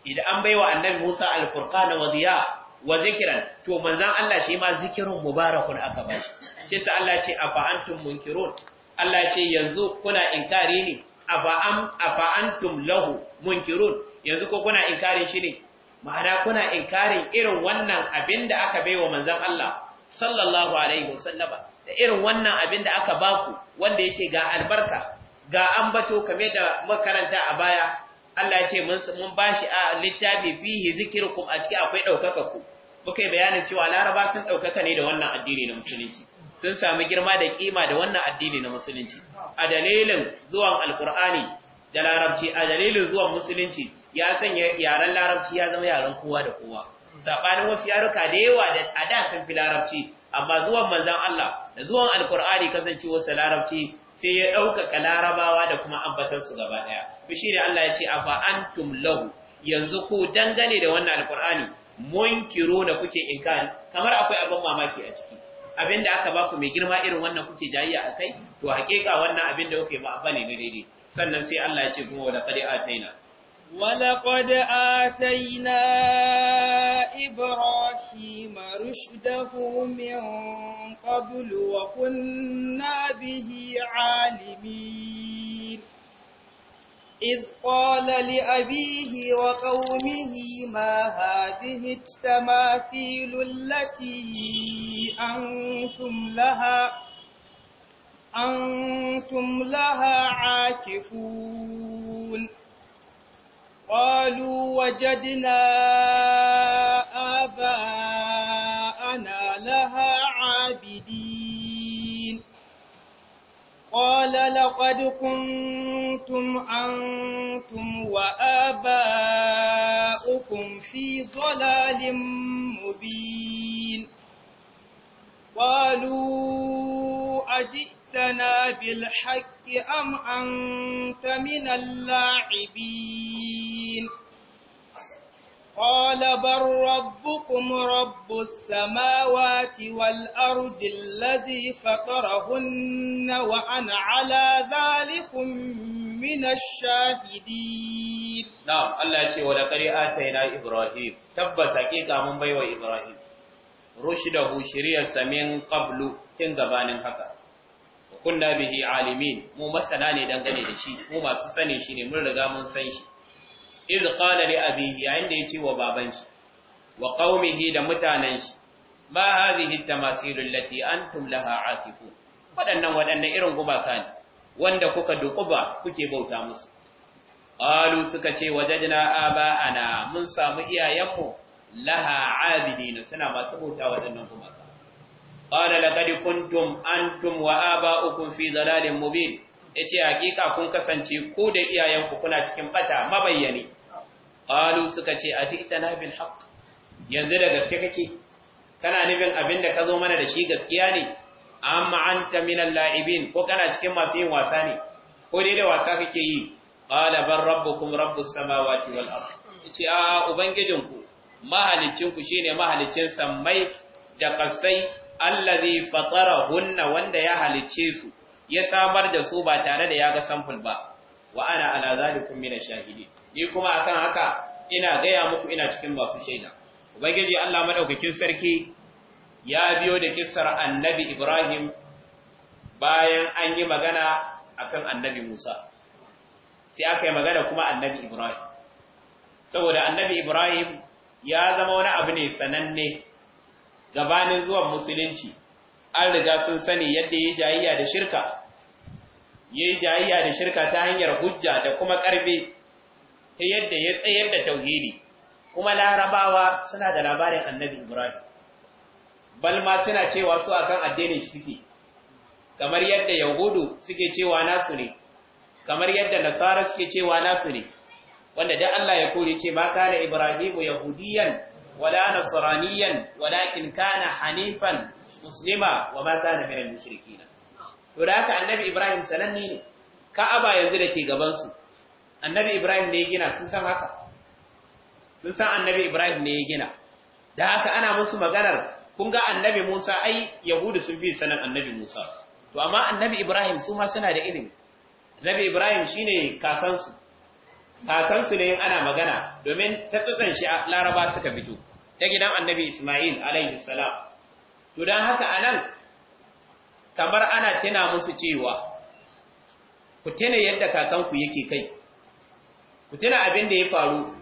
idan an baiwa annabi Musa al-Furqana wa ziya wa zikran to manzo Allah shi ma zikirun mubarakun aka ba shi sai Allah ce afa antum munkirun Allah ce yanzu kuna inkari ne afa am afa antum lahu munkirun yanzu ko kuna inkari shi ne ma'ana kuna inkarin irin wannan abin da aka baiwa manzon Allah sallallahu alaihi wasallama da irin wannan abin da aka baku wanda yake ga albarka ga ambato kame da makaranta a baya Allah ya ce mun bashi a littafi fihi zikrukum a ciki akwai daukaka ku muka bayanin cewa laraba sun daukaka ne da wannan addini na musulunci sun sami girma da kima da wannan addini na musulunci a dalilin zuwan alkur'ani da larabci a dalilin zuwan musulunci ya sanya yaren larabci ya zama yaren kowa da kowa sabanin wasu yaruka da yawa da a da kan fi larabci amma zuwan manzon Allah da zuwan alkur'ani kasance wasu larabci sai ya ɗaukaka larabawa da kuma ambatan su gaba ɗaya shi ne Allah ya ce afa antum lahu yanzu ku dangane da wannan alkur'ani munkiro da kuke inkari kamar akwai abin mamaki a ciki abin da aka baku mai girma irin wannan kuke jayayya a kai to hakika wannan abin da kuke ba ne daidai sannan sai Allah ya ce kuma wa laqad qad ataina ولقد آتينا إبراهيم رشده من قبل وكنا به عالمين إذ قال لأبيه وقومه ما هذه التماثيل التي أنتم لها أنتم لها عاكفون قالوا وجدنا آباءنا لها عابدين قال لقد كنتم أنتم وآباؤكم في ضلال مبين قالوا أجئتنا بالحق الإفك أم أنت من اللاعبين قال بل ربكم رب السماوات والأرض الذي فطرهن وأنا على ذلك من الشاهدين نعم الله يقول ولقد آتينا إبراهيم تبس حقيقة من بيوى إبراهيم رشده شريعة من قبل تنقبان هكذا kunna bihi alimin mu masana ne dangane da shi mu masu sani shi ne mun riga mun san shi iz qala li abihi yayin da yace wa baban shi wa qaumihi da mutanen shi ma hadhihi at-tamasil allati antum laha akifun wadannan wadannan irin gumaka ne wanda kuka dukuba kuke bauta musu qalu suka ce wajadna aba'ana mun samu iyayenmu laha abidina suna masu bauta wadannan gumaka قال لقد كنتم antum وآباؤكم في fi مبين mubin yace hakika kun kasance ku da iyayenku kuna cikin bata mabayyani qalu suka ce atitana bil haqq yanzu da gaske kake kana nufin abinda ka zo mana da shi gaskiya ne amma anta min al-la'ibin ko kana cikin masu yin wasa ne ko dai da wasa kake yi qala bar rabbukum rabbus samawati wal ard yace a ubangijinku mahalicinku shine mahalicin sammai da kasai allazi fatarahunna wanda ya halicce su ya samar da su ba tare da ya ga samful ba wa ana ala zalikum min ashahidi ni kuma akan haka ina gaya muku ina cikin masu shaida ubangiji Allah madaukakin sarki ya biyo da kissar annabi Ibrahim bayan an yi magana akan annabi Musa sai aka yi magana kuma annabi Ibrahim saboda annabi Ibrahim ya zama wani abu ne sananne gabanin zuwan musulunci an riga sun sani yadda yi jayayya da shirka yi jayayya da shirka ta hanyar hujja da kuma karbe ta yadda ya tsayar da tauhiri, kuma larabawa suna da labarin annabi ibrahim balma suna cewa su a akan addinin suke kamar yadda yahudu suke cewa nasu ne kamar yadda nasara suke cewa nasu ne wanda da Allah ya kore ce ma kana ibrahimu yahudiyan wala nasraniyan walakin kana hanifan muslima wa ma kana minal mushrikin to da haka annabi Ibrahim sananne ne Ka'aba yanzu dake gaban su annabi Ibrahim ne ya gina sun san haka sun san annabi Ibrahim ne ya gina da haka ana musu maganar kun ga annabi Musa ai Yahudu sun fi sanin annabi Musa to amma annabi Ibrahim su ma suna da ilimi annabi Ibrahim shine kakansu kakansu ne ana magana domin ta tsatsan shi Laraba suka fito ta gidan annabi Ismail alaihi salam to dan haka anan kamar ana tuna musu cewa ku tuna yadda kakanku yake kai ku tuna abin da ya faru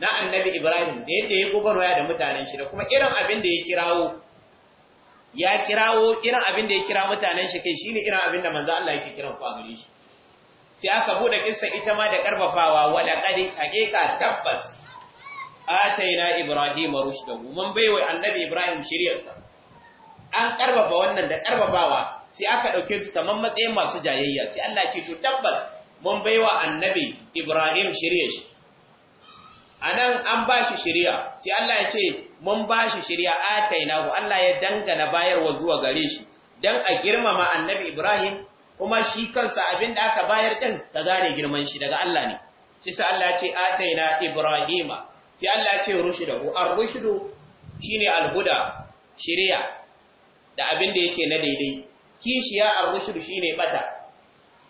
na annabi Ibrahim da yadda ya waya da mutanen shi da kuma irin abin da ya kirawo ya kirawo irin abin da ya kira mutanen shi kai shine irin abin da manzo Allah yake kiran ku gare shi sai aka bude kissa ita ma da karfafawa wala qad haqiqa tabbas ataina ibrahima rushdahu mun baiwa annabi ibrahim shiriyarsa an karbaba wannan da karbabawa sai aka dauke su taman matsayin masu jayayya sai Allah ce to tabbas mun baiwa annabi ibrahim shiriyarsa anan an bashi shiriya sai Allah ya ce mun bashi shiriya atainahu Allah ya dangana bayarwa zuwa gare shi dan a girmama annabi ibrahim kuma shi kansa abin da aka bayar din ta gane girman shi daga Allah ne shi sai Allah ya ce ataina ibrahima sai Allah ya ce rushdahu ar-rushdu shine al-huda shari'a da abin da yake na daidai kishiya ar-rushdu shine bata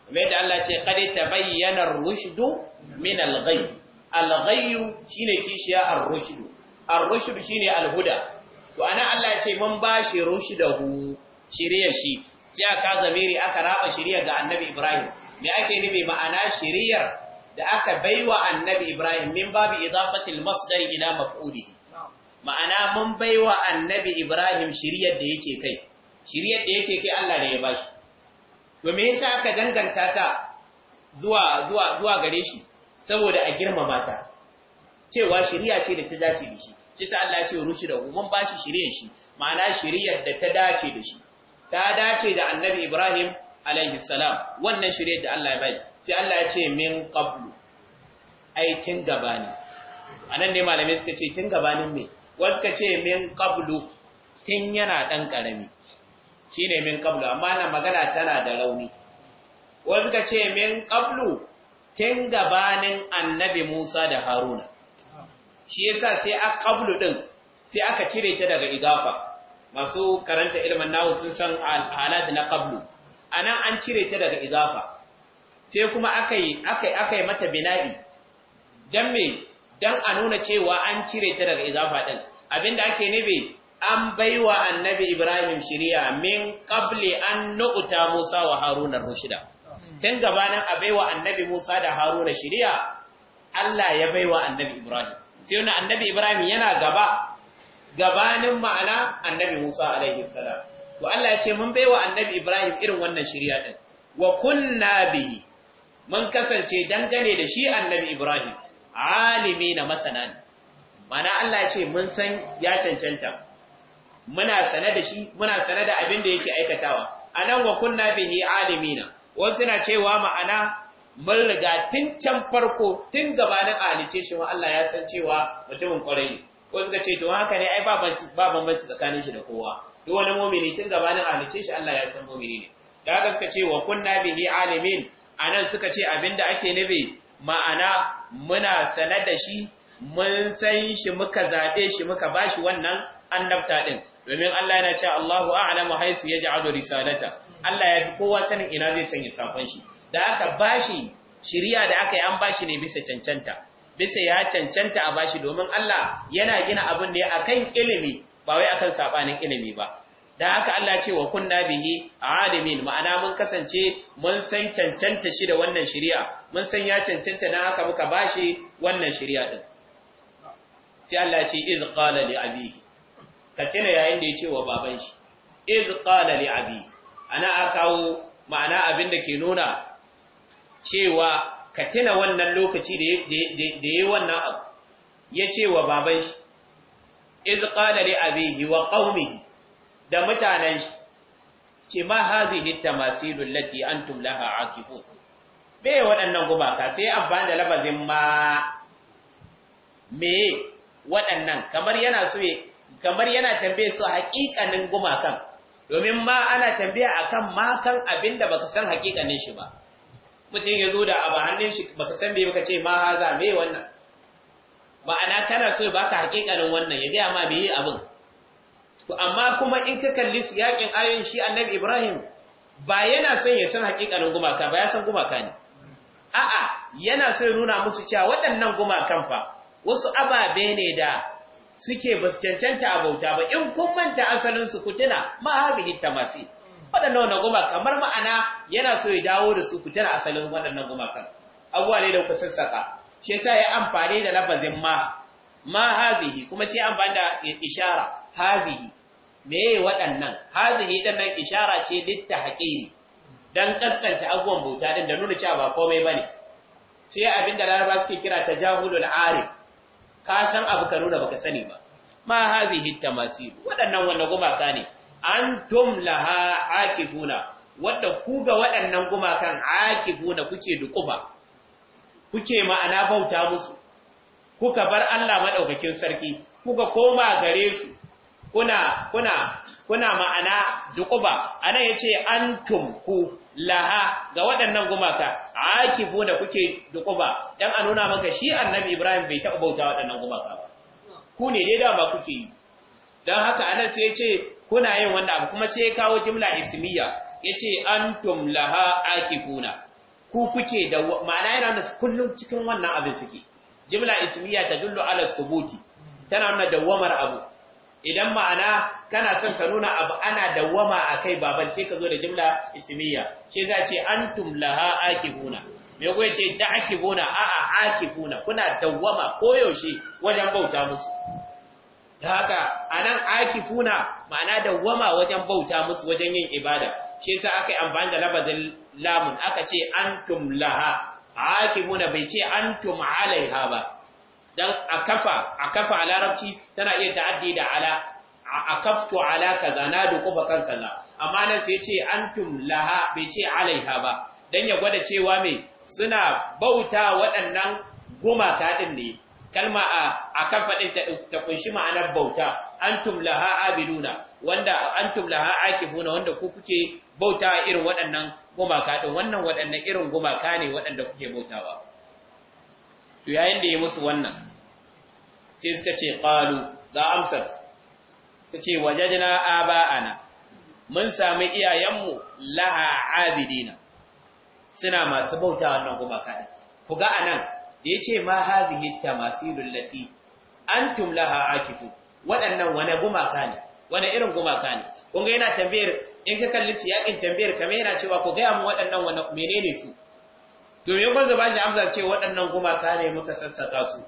kuma da Allah ce qad tabayyana ar-rushdu min al-ghay al-ghay shine kishiya ar-rushdu ar-rushdu shine al-huda to ana Allah ya ce mun bashi rushdahu shari'a shi sai aka zamiri aka raba shari'a ga Annabi Ibrahim me ake nufi ma'ana shari'ar da aka baiwa annabi Ibrahim min babu idafatil masdar ila maf'ulihi ma'ana mun baiwa annabi Ibrahim shiryar da yake kai Shiryar da yake kai Allah ne ya bashi to me yasa aka danganta ta zuwa zuwa zuwa gare shi saboda a girmama ta cewa shiriya ce da ta dace da shi kisa Allah ya ce rushi da mun bashi shiryar shi ma'ana shiryar da ta dace da shi ta dace da annabi Ibrahim alaihi salam wannan shiriyar da Allah ya bai sai Allah ya ce min qablu ai tun gabani anan ne malamai suka ce tun gabanin me wasu suka ce min qablu tun yana dan karami shine min qablu amma na magana tana da rauni wasu suka ce min qablu tun gabanin annabi Musa da Haruna shi yasa sai a qablu din sai aka cire ta daga idafa masu karanta ilmin nawu sun san al'alad na qablu anan an cire ta daga idafa sai kuma akai yi mata bina'i don me don a nuna cewa an cire ta daga izafa ɗin. abinda ake nufi an baiwa annabi Ibrahim shiriya min qabli an nu'ta Musa wa Haruna rushida tun gabanin a baiwa annabi Musa da Haruna shiriya Allah ya baiwa annabi Ibrahim sai wannan annabi Ibrahim yana gaba gabanin ma'ana annabi Musa alaihi salam to Allah ya ce mun baiwa annabi Ibrahim irin wannan shiriya din wa kunna bihi mun kasance dangane da shi annabi Ibrahim alimi na masana ne mana Allah ya ce mun san ya cancanta muna sane da shi muna sane da abin da yake aikatawa anan wa kunna bihi alimina wasu na cewa ma'ana mun riga tun can farko tun gabanin alice shi wa Allah ya san cewa mutumin kwarai ne wasu ka ce to haka ne ai ba bambanci tsakanin shi da kowa duk wani mumini tun gabanin alice shi Allah ya san mumini ne da haka suka ce wa kunna bihi alimin anan suka ce abinda ake nufi ma'ana muna sanar da shi mun san shi muka zabe shi muka bashi wannan annabta din domin Allah yana cewa Allahu a'lamu haythu yaj'alu risalata Allah ya fi kowa sanin ina zai sanya sakon shi da aka bashi shiriya da aka yi an bashi ne bisa cancanta bisa ya cancanta a bashi domin Allah yana gina abin ne akan ilimi ba wai akan sabanin ilimi ba da haka Allah ce wa kunna bihi alimin ma'ana mun kasance mun san cancanta shi da wannan shari'a mun san ya cancanta dan haka muka bashi wannan shari'a din sai Allah ce iz qala li abihi ka tuna yayin da ya ce wa baban shi iz qala li abi ana akawo ma'ana abin da ke nuna cewa ka tuna wannan lokaci da da yayi wannan abu ya ce wa baban shi iz qala li abihi wa qaumihi da mutanen shi ce ma hazihi tamasilul lati antum laha akifun be waɗannan gumaka sai amfani da labazin ma me waɗannan kamar yana so kamar yana tambaye su haƙiƙanin gumakan domin ma ana tambaya akan makan abinda baka san haƙiƙanin shi ba mutum ya zo da abu hannun shi baka san me baka ce ma haza me wannan ma'ana kana so baka haƙiƙanin wannan ya gaya ma me yi abin amma kuma in ka kalli yakin ayoyin shi annabi Ibrahim ba yana son ya san hakikanin gumaka ba ya san gumaka ne a'a yana son nuna musu cewa waɗannan gumakan fa wasu ababe ne da suke basu cancanta a ba in kun manta asalin su kutuna ma hazihi tamasi waɗannan wannan gumaka kamar ma'ana yana so ya dawo da su kutuna asalin waɗannan gumakan abuwa ne da kuka sassaka shi yasa ya amfani da lafazin ma ma hazihi kuma sai amfani da ishara hazihi me waɗannan hazihi dan nan ishara ce litta haqiqi dan kaskanta abubuwan bauta din da nuna cewa ba komai bane ne sai abinda laraba suke kira ta jahulul arif ka san abu ka nuna baka sani ba ma hazihi tamasir waɗannan wanda gumaka ne antum laha akifuna wanda ku ga waɗannan gumakan akifuna kuke dukufa kuke ma'ana bauta musu kuka bar Allah madaukakin sarki kuka koma gare su kuna kuna kuna ma'ana duquba anan yace antum ku laha ga waɗannan gumaka akifu da kuke duquba dan a nuna maka shi annabi Ibrahim bai taɓa bauta waɗannan gumaka ba ku ne dai dama kuke yi dan haka anan sai yace kuna yin wanda abu kuma sai ya kawo jimla ismiya yace antum laha akifuna ku kuke da ma'ana yana da kullum cikin wannan abin suke jimla ismiya ta dullu ala subuti tana nuna dawamar abu idan ma'ana kana son ka nuna abu ana dawwama akai baban sai ka zo da jimla ismiya ke za ce antum laha akibuna me ko yace akibuna a a akibuna kuna dawwama koyaushe wajen bauta musu da haka anan akifuna ma'ana dawwama wajen bauta musu wajen yin ibada shi sa aka yi amfani da labazin lamun aka ce antum laha akibuna bai ce antum alaiha ba dan akafa akafa a larabci tana iya ta'addi da ala akaftu ala kaza na da dukufa kan kaza amma nan sai ce antum laha bai ce alaiha ba dan ya gwada cewa mai suna bauta waɗannan gumaka din ne kalma a akafa din ta kunshi ma'anar bauta antum laha abiduna wanda antum laha akifuna wanda ku kuke bauta irin waɗannan gumaka ɗin? wannan waɗannan irin gumaka ne waɗanda kuke bautawa to yayin da ya musu wannan sai suka ce qalu ga amsar suka ce wajadna aba'ana mun sami iyayenmu laha abidina suna masu bauta wannan gumaka kada ku ga anan da yace ma hazihi tamasilul lati antum laha akitu waɗannan wani gumaka ne wani irin gumaka ne kun ga yana tambayar in ka kalli siyakin tambayar kamar yana cewa ku ga mu waɗannan wani menene su to me kwanza ba shi amsa ce waɗannan gumaka ne muka sassaka su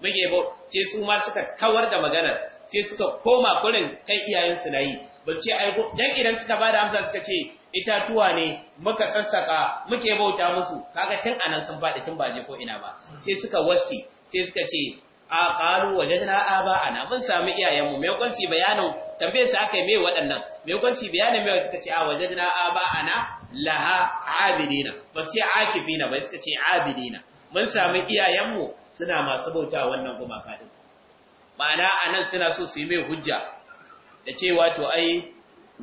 muke ba sai su ma suka kawar da magana. sai suka koma kurin kai iyayensu na yi ba ce ai dan idan suka ba da amsa suka ce itatuwa ne muka sassaka muke bauta musu kaga tun anan sun faɗi tun baje ko ina ba sai suka waske sai suka ce a ƙaru wajajna aba ana mun samu iyayenmu mai kwanci bayanin tambayar su aka yi mai waɗannan mai kwanci bayanin mai suka ce a wajajna aba ana laha abidina ba sai akifina ba suka ce abidina mun sami iyayenmu suna masu bauta wannan gumaka din ma'ana anan suna so su yi mai hujja da cewa to ai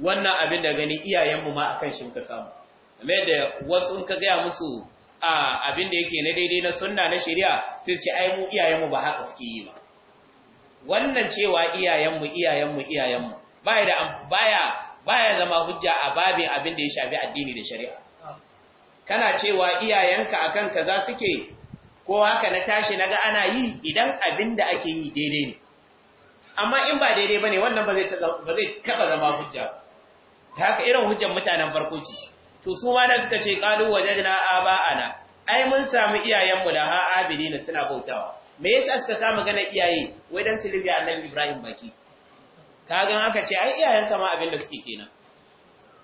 wannan abin da gani iyayenmu ma akan shi muka samu kamar da wasu in ka gaya musu a abin da yake na daidai na sunna na shari'a sai ce ai mu iyayenmu ba haka suke yi ba wannan cewa iyayenmu iyayenmu iyayenmu baya da baya baya zama hujja a babin abin da ya shafi addini da shari'a kana cewa iyayenka akan kaza suke ko haka na tashi naga ana yi idan abin da ake yi daidai ne amma in ba daidai bane wannan ba zai ba zai kaba zama hujja ta haka irin hujjar mutanen farko ce to su ma da suka ce qalu wajadna aba'ana ai mun samu iyayenmu da ha abidina suna bautawa me yasa suka kama magana iyaye wai dan su annabi Ibrahim baki ka gan aka ce ai iyayenka ma abin da suke kenan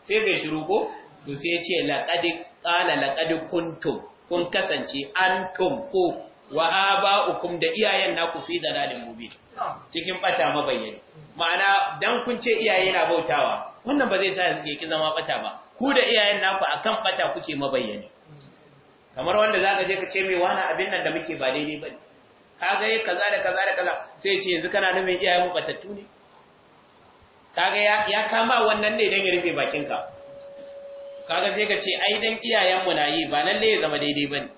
sai kai shiru ko to sai ce laqad qala laqad kuntum kun kasance antum ko wa aba'ukum da iyayen naku fi dalalin mubi cikin bata mabayyani ma'ana dan kun ce iyaye na bautawa wannan ba zai sa yake ki zama bata ba ku da iyayen naku akan bata kuke mabayyani kamar wanda zaka je ka ce mai wani abin nan da muke ba daidai bane kaga yayi eh, kaza da kaza da kaza sai ce yanzu kana nufin iyayen mu batattu ne kaga ya, kama wannan ne don ya rufe bakinka kaga sai ka ce ai dan iyayenmu na yi ba lalle ya zama daidai bane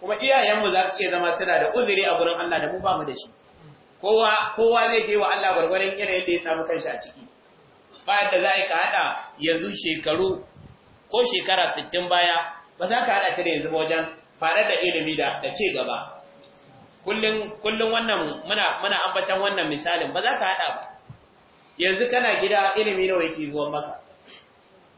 kuma iyayenmu za su iya zama suna da uzuri a gurin Allah da mu ba mu da shi kowa kowa zai je wa Allah gwargwaron yanayin da ya samu kanshi a ciki ba yadda za ka haɗa yanzu shekaru ko shekara 60 baya ba za ka haɗa ta da yanzu wajen fara da ilimi da da ci gaba kullun kullun wannan muna muna ambatan wannan misalin ba za ka haɗa ba yanzu kana gida ilimi nawa yake zuwa maka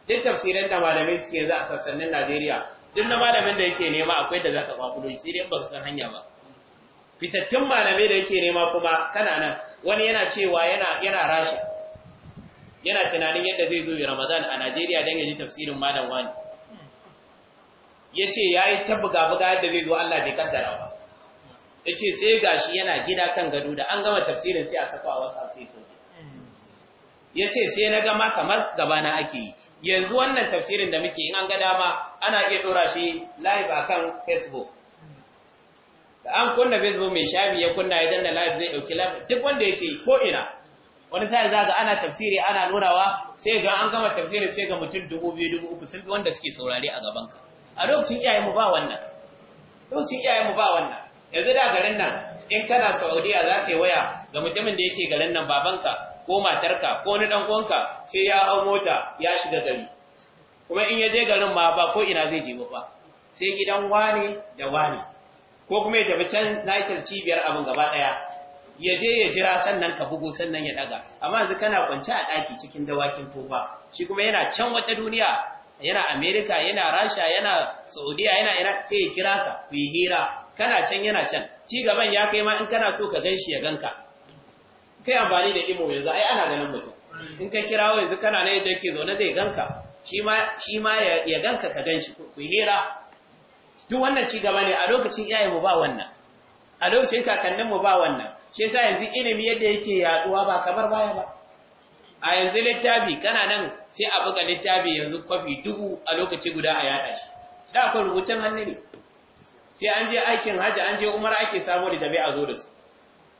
duk tafsirin da malamai suke yanzu a sassanin Najeriya duk na malamin da yake nema akwai da zaka kwakulo sai dai baka san hanya ba fitattun malamai da yake nema kuma kana nan wani yana cewa yana yana rasha yana tunanin yadda zai zo Ramadan a Najeriya dan yaji ji tafsirin malam wani yace yayi tabbuga buga yadda zai zo Allah bai kaddara ba yace sai gashi yana gida kan gado da an gama tafsirin sai a saka a WhatsApp sai Ya ce sai na gama kamar gabana ake yi yanzu wannan tafsirin da muke in an ga dama ana iya dora shi live akan Facebook da an kunna Facebook mai shafi ya kunna ya danna live zai dauki live duk wanda yake ko ina wani sai za ga ana tafsiri ana nunawa sai ga an gama tafsirin sai ga mutum 2000 sun wanda suke saurare a gaban ka a lokacin iyaye mu ba wannan lokacin iyaye mu ba wannan yanzu da garin nan in kana Saudiya za ka yi waya ga mutumin da yake garin nan babanka ko matarka ko wani dan uwanka sai ya hau mota ya shiga gari kuma in ya je garin ma ba ko ina zai je ba fa sai gidan wane da wane ko kuma ya tafi can naitar cibiyar abin gaba ɗaya? ya je ya jira sannan ka bugu sannan ya ɗaga. amma yanzu kana kwance a ɗaki cikin dawakin tofa shi kuma yana can wata duniya yana Amerika yana Rasha yana Saudiya yana ina sai ya kira ka ku hira kana can yana can ci gaban ya kai ma in kana so ka ganshi ya ganka kai amfani da imo yanzu ai ana ganin mutum in ka kirawo yanzu kana ne da ke zaune zai ganka shi ma ya ganka ka ganshi ku hira duk wannan ci gaba ne a lokacin iyaye mu ba wannan a lokacin kakannin mu ba wannan shi yasa yanzu ilimi yadda yake yaduwa ba kamar baya ba a yanzu littafi kana nan sai a buga littafi yanzu kwafi dubu a lokaci guda a yada shi da akwai rubutun hannu ne sai an je aikin hajji an je umar ake samu da dabi a zo da su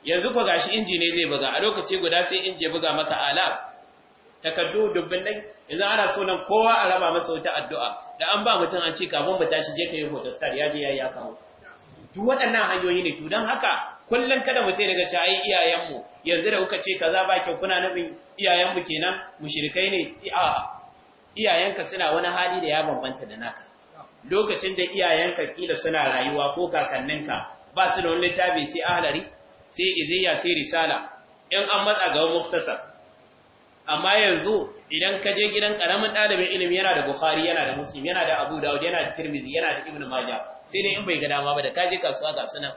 yanzu ko gashi inji ne zai buga a lokaci guda sai inji ya buga maka ala takaddu dubbin nan Idan ana so nan kowa a raba masa wata addu'a da an ba mutum an ce kafin mu tashi je ka yi star, ya je ya kawo duk waɗannan hanyoyi ne to don haka kullum kada mu mutum daga ce ai iyayenmu yanzu da kuka ce kaza ba kyau kuna nufin iyayenmu kenan mushrikai ne a'a iyayenka suna wani hali da ya bambanta da naka lokacin da iyayenka kila suna rayuwa ko kakanninka ba su da wani littafi sai ahlari sai iziya sai risala in an matsa ga muktasar amma yanzu idan ka je gidan karamin ɗalibin ilimi yana da bukhari yana da muslim yana da abu dawud yana da tirmidhi yana da ibnu Majah, sai dai in bai ga dama ba da ka je kasuwa ga sunan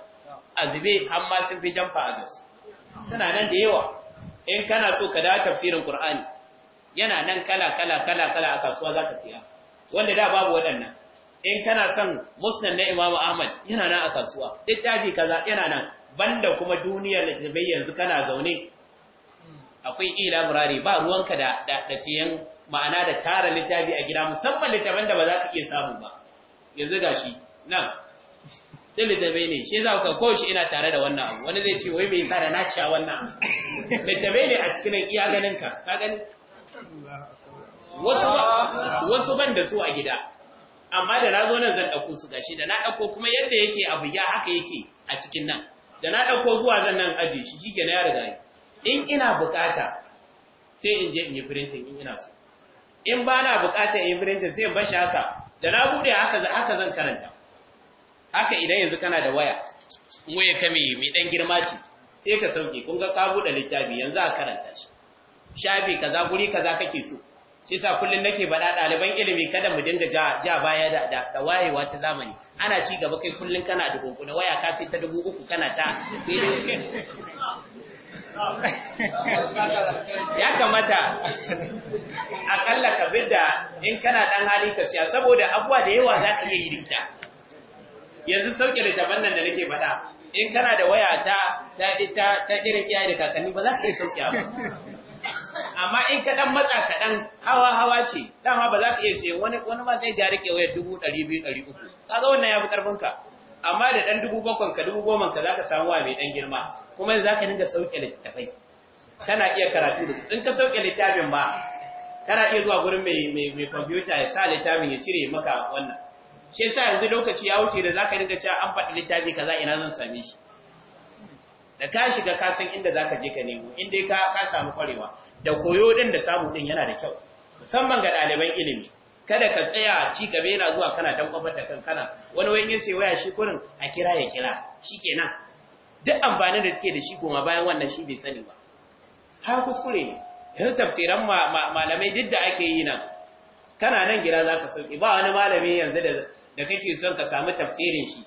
azube har ma sun fi jamfa ajas suna nan da yawa in kana so ka da tafsirin qur'ani yana nan kala kala kala kala a kasuwa za ka siya wanda da babu waɗannan in kana son musnad na imamu ahmad yana nan a kasuwa littafi kaza yana nan banda kuma duniyar littattafai yanzu kana zaune akwai ila murari ba ruwanka da da siyan ma'ana da tara littafi a gida musamman littafin da ba za ka iya samu ba yanzu gashi nan da litabai ne shi za ka shi ina tare da wannan abu wani zai ce wai mai da na ciya wannan Litabai ne a cikin iya ganin ka ka gani wasu wasu ban da su a gida amma da na zo nan zan ɗauko su gashi da na ɗauko kuma yadda yake abu ya haka yake a cikin nan da na ɗauko zuwa zan nan aje shi shi ke na ya riga in ina bukata sai in je in yi printing in ina so in ba na bukata in yi printing sai in shi haka da na buɗe haka zan karanta haka idan yanzu kana da waya waya kame mai dan girma ce sai ka sauke kun ga ka buɗe littafi yanzu a karanta shi shafi kaza guri kaza kake so shi sa kullum nake bada ɗaliban ilimi kada mu dinga ja baya da wayewa ta zamani ana ci gaba kai kullum kana da kunkuna waya ka sai ta dubu uku kana ta ya kamata akalla ka bidda in kana dan hali ka siya saboda abuwa da yawa za ka iya yi da yanzu sauke taban nan da nake faɗa in kana da waya ta ta ta iyaye da kakanni ba za ka iya sauke ba amma in ka dan matsa ka dan hawa hawa ce dama ba za ka iya sayan wani wani ma zai jari waya dubu ɗari biyu ɗari uku kaga wannan ya fi ƙarfin ka amma da ɗan dubu bakwai ka dubu goma ka za ka samu wa mai ɗan girma kuma za ka dinga sauke littattafai kana iya karatu da su in ka sauke littafin ba, kana iya zuwa gurin mai mai mai kwamfuta ya sa littafin ya cire maka wannan shi yasa yanzu lokaci ya wuce da za ka dinga cewa an faɗi littafi kaza ina zan same shi da ka shiga ka san inda zaka je ka nemo in ka ka samu kwarewa da koyo din da samu din yana da kyau musamman ga ɗaliban ilimi kada ka tsaya ci gaba yana zuwa kana dan kwafar da kankana wani wani sai waya shi kurin a kira ya kira shikenan duk amfani da take da shi kuma bayan wannan shi bai sani ba har kuskure ne yanzu tafsiran malamai duk da ake yi nan kana nan gida za ka sauki ba wani malami yanzu da kake son ka samu tafsirin shi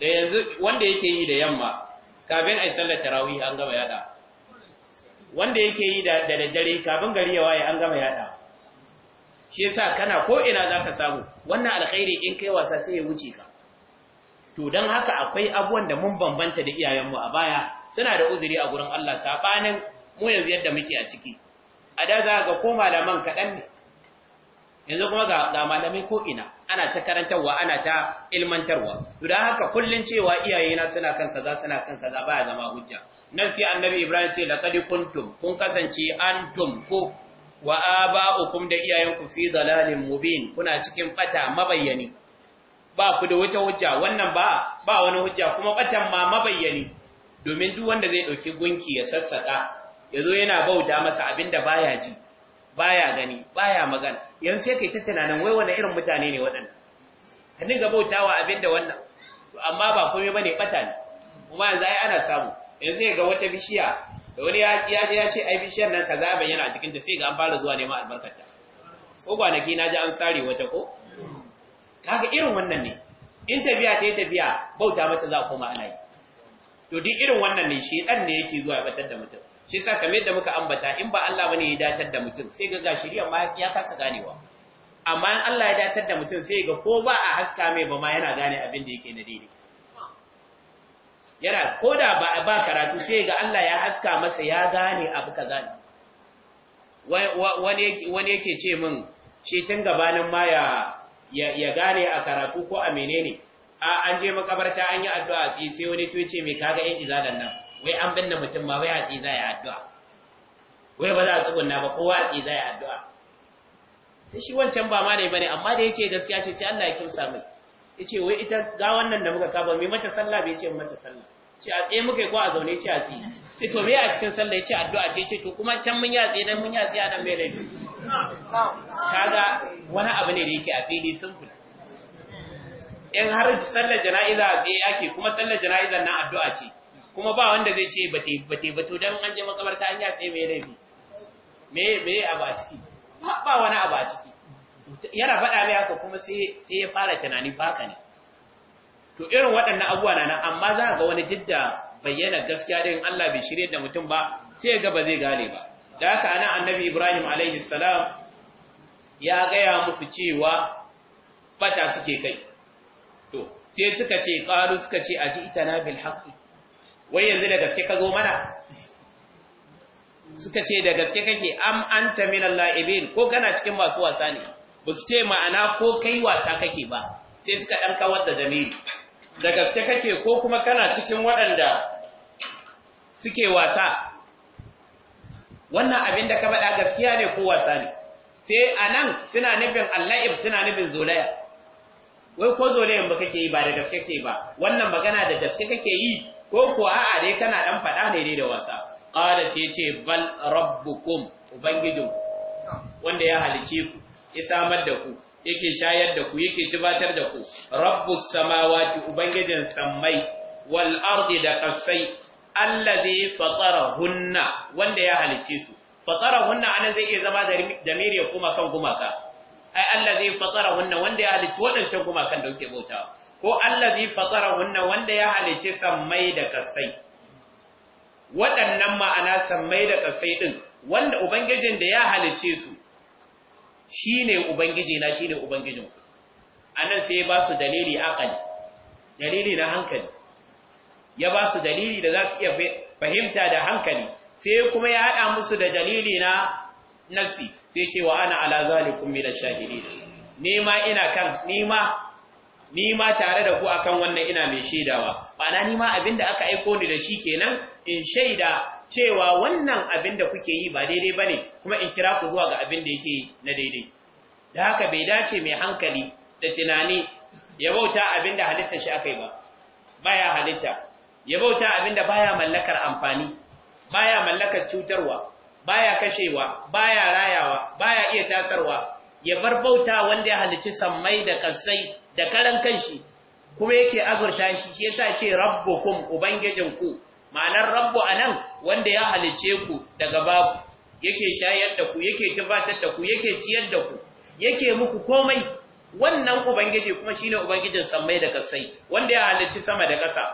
da yanzu wanda yake yi da yamma kafin a yi sallar tarawih an gama yada wanda yake yi da daddare kafin gari ya waye an gama yada shi yasa kana ko ina zaka samu wannan alkhairi in kai wasa sai ya wuce ka to dan haka akwai abuwan da mun bambanta da iyayenmu a baya suna da uzuri a gurin Allah sabanin mu yanzu yadda muke a ciki a da za ga ko malaman kaɗan ne yanzu kuma ga malamai ko ina ana ta karantarwa ana ta ilmantarwa dan haka kullun cewa iyayena suna kan kaza suna kan kaza baya zama hujja nan fi annabi ibrahim ce laqad kuntum kun kasance antum ko wa aba'ukum da iyayenku fi dalalin mubin kuna cikin fata mabayyani ba ku da wata hujja wannan ba ba wani hujja kuma fatan ma mabayyani domin duk wanda zai dauki gunki ya sassaka yazo yana bauta masa abinda baya ji baya gani baya magana yanzu sai kai ta tunanin wai wani irin mutane ne waɗannan ka dinga bautawa abinda da wannan amma ba komai bane bata ne kuma yanzu ai ana samu yanzu ga wata bishiya da wani ya ya ce ai bishiyar nan kaza bayyana a cikin ta sai ga an fara zuwa neman ta ko kwanaki na ji an sare wata ko kaga irin wannan ne in tafiya ta yi tafiya bauta mata za kuma ana yi to duk irin wannan ne shedan ne yake zuwa ya batar da mutum shi sa kamar yadda muka ambata in ba Allah bane ya datar da mutum sai ga ga shari'a ma ya kasa ganewa amma in Allah ya datar da mutum sai ga ko ba a haska mai ba ma yana gane abin da yake na daidai yana ko da ba ba karatu sai ga Allah ya haska masa ya gane abu kaza ne wani yake wani ce min shi tun gabanin ma ya gane a karatu ko a menene a an je makabarta an yi addu'a sai wani tuce mai kaga yan izalan nan wai an binne mutum ma wai hatsi za addu'a wai ba za a tsugunna ba kowa hatsi za addu'a sai shi wancan ba ma ne bane amma da yake gaskiya ce sai Allah ya kimsa mai yace wai ita ga wannan da muka kaba mai mata sallah bai ce mata sallah ce a tsaye muka ko a zaune ce a tsi ce to me a cikin sallah yace addu'a ce ce to kuma can mun ya tsaye dan mun ya tsaye nan mai laifi kaga wani abu ne da yake a fili simple in har sallar jana'iza a tsaye ake kuma sallar jana'izar nan addu'a ce kuma ba wanda zai ce bate bate bato dan an je makabarta an ya tsaye mai laifi me me abu a ciki ba wani abu a ciki yana faɗa mai haka kuma sai sai ya fara tunani baka ne to irin waɗannan abubuwa na amma za ga wani didda bayyana gaskiya din Allah bai shirye da mutum ba sai ga ba zai gane ba da haka ana annabi Ibrahim alaihi salam ya gaya musu cewa bata suke kai to sai suka ce qalu suka ce aji itana bil haqqi wai yanzu da gaske ka zo mana suka ce da gaske kake am anta min al-la'ibin ko kana cikin masu wasa ne ba su ce ma'ana ko kai wasa kake ba sai suka dan kawar da damiri da gaske kake ko kuma kana cikin waɗanda suke wasa wannan abin da ka faɗa gaskiya ne ko wasa ne sai anan suna nufin al-la'ib suna nufin zolaya wai ko zolayan ba kake yi ba da gaske kake ba wannan magana da gaske kake yi ko kuwa a'a dai kana dan faɗa ne dai da wasa qala sai ce bal rabbukum ubangijin wanda ya halice ku ya samar da ku yake shayar da ku yake tubatar da ku rabbus samawati ubangijin sammai wal ardi da kasai allazi fatarahunna wanda ya halice su fatarahunna anan zai iya zama da damiri ya kuma kan gumaka ai allazi fatarahunna wanda ya halice wadancan gumakan da yake bautawa ko allazi fatarahunna wanda ya halice sammai da kasai waɗannan ma'ana sammai da kasai din wanda ubangijin da ya halice su shine ubangiji na shine ubangijin ku anan sai ya ba su dalili aqali dalili na hankali ya ba su dalili da za su iya fahimta da hankali sai kuma ya haɗa musu da dalili na nasi sai ce wa ana ala zalikum min ash-shahidin nima ina kan nima ni ma tare da ku akan wannan ina mai shaidawa ma'ana ni ma da aka aiko ni da shi kenan in shaida cewa wannan abin da kuke yi ba daidai bane kuma in kira ku zuwa ga abin da yake na daidai da haka bai dace mai hankali da tunani ya bauta abinda halitta shi akai ba baya halitta ya bauta abin abinda baya mallakar amfani baya mallakar cutarwa baya kashewa baya rayawa baya iya tasarwa ya bar bauta wanda ya halicci sammai da kasai da karan kanshi kuma yake azurta shi shi yasa ce rabbukum ubangijinku ma'anar rabbu anan wanda ya halice ku daga babu yake shayar da ku yake tabbatar da ku yake ciyar da ku yake muku komai wannan ubangiji kuma shine ubangijin sammai da kasai wanda ya halice sama da ƙasa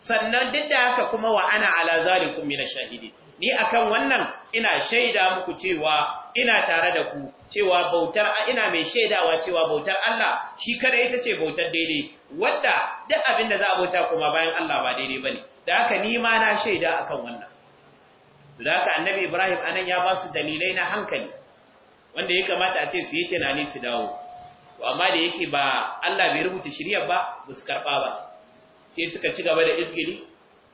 sannan duk da haka kuma wa ana ala zalikum minash shahidin ni akan wannan ina shaida muku cewa ina tare da ku cewa bautar ina mai shaidawa cewa bautar Allah shi kada ita ce bautar daidai wanda duk abin da za a bauta kuma bayan Allah ba daidai bane da haka ni ma na shaida akan wannan da haka annabi Ibrahim anan ya ba su dalilai na hankali wanda ya kamata a ce su yi tunani su dawo to amma da yake ba Allah bai rubuta shiriyar ba ba su karba ba sai suka ci gaba da izgili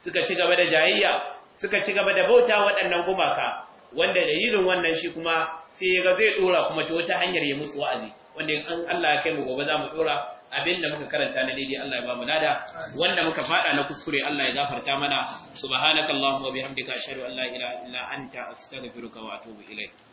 suka ci gaba da jayayya suka ci gaba da bauta waɗannan gumaka wanda dalilin wannan shi kuma sai ya ga zai dora kuma ta wata hanyar ya musu wa'azi wanda an Allah ya kai mu gobe za mu dora abin da muka karanta na daidai Allah ya ba mu lada wanda muka fada na kuskure Allah ya gafarta mana subhanakallahumma wa bihamdika ashhadu an la ilaha illa anta astaghfiruka wa atubu ilaik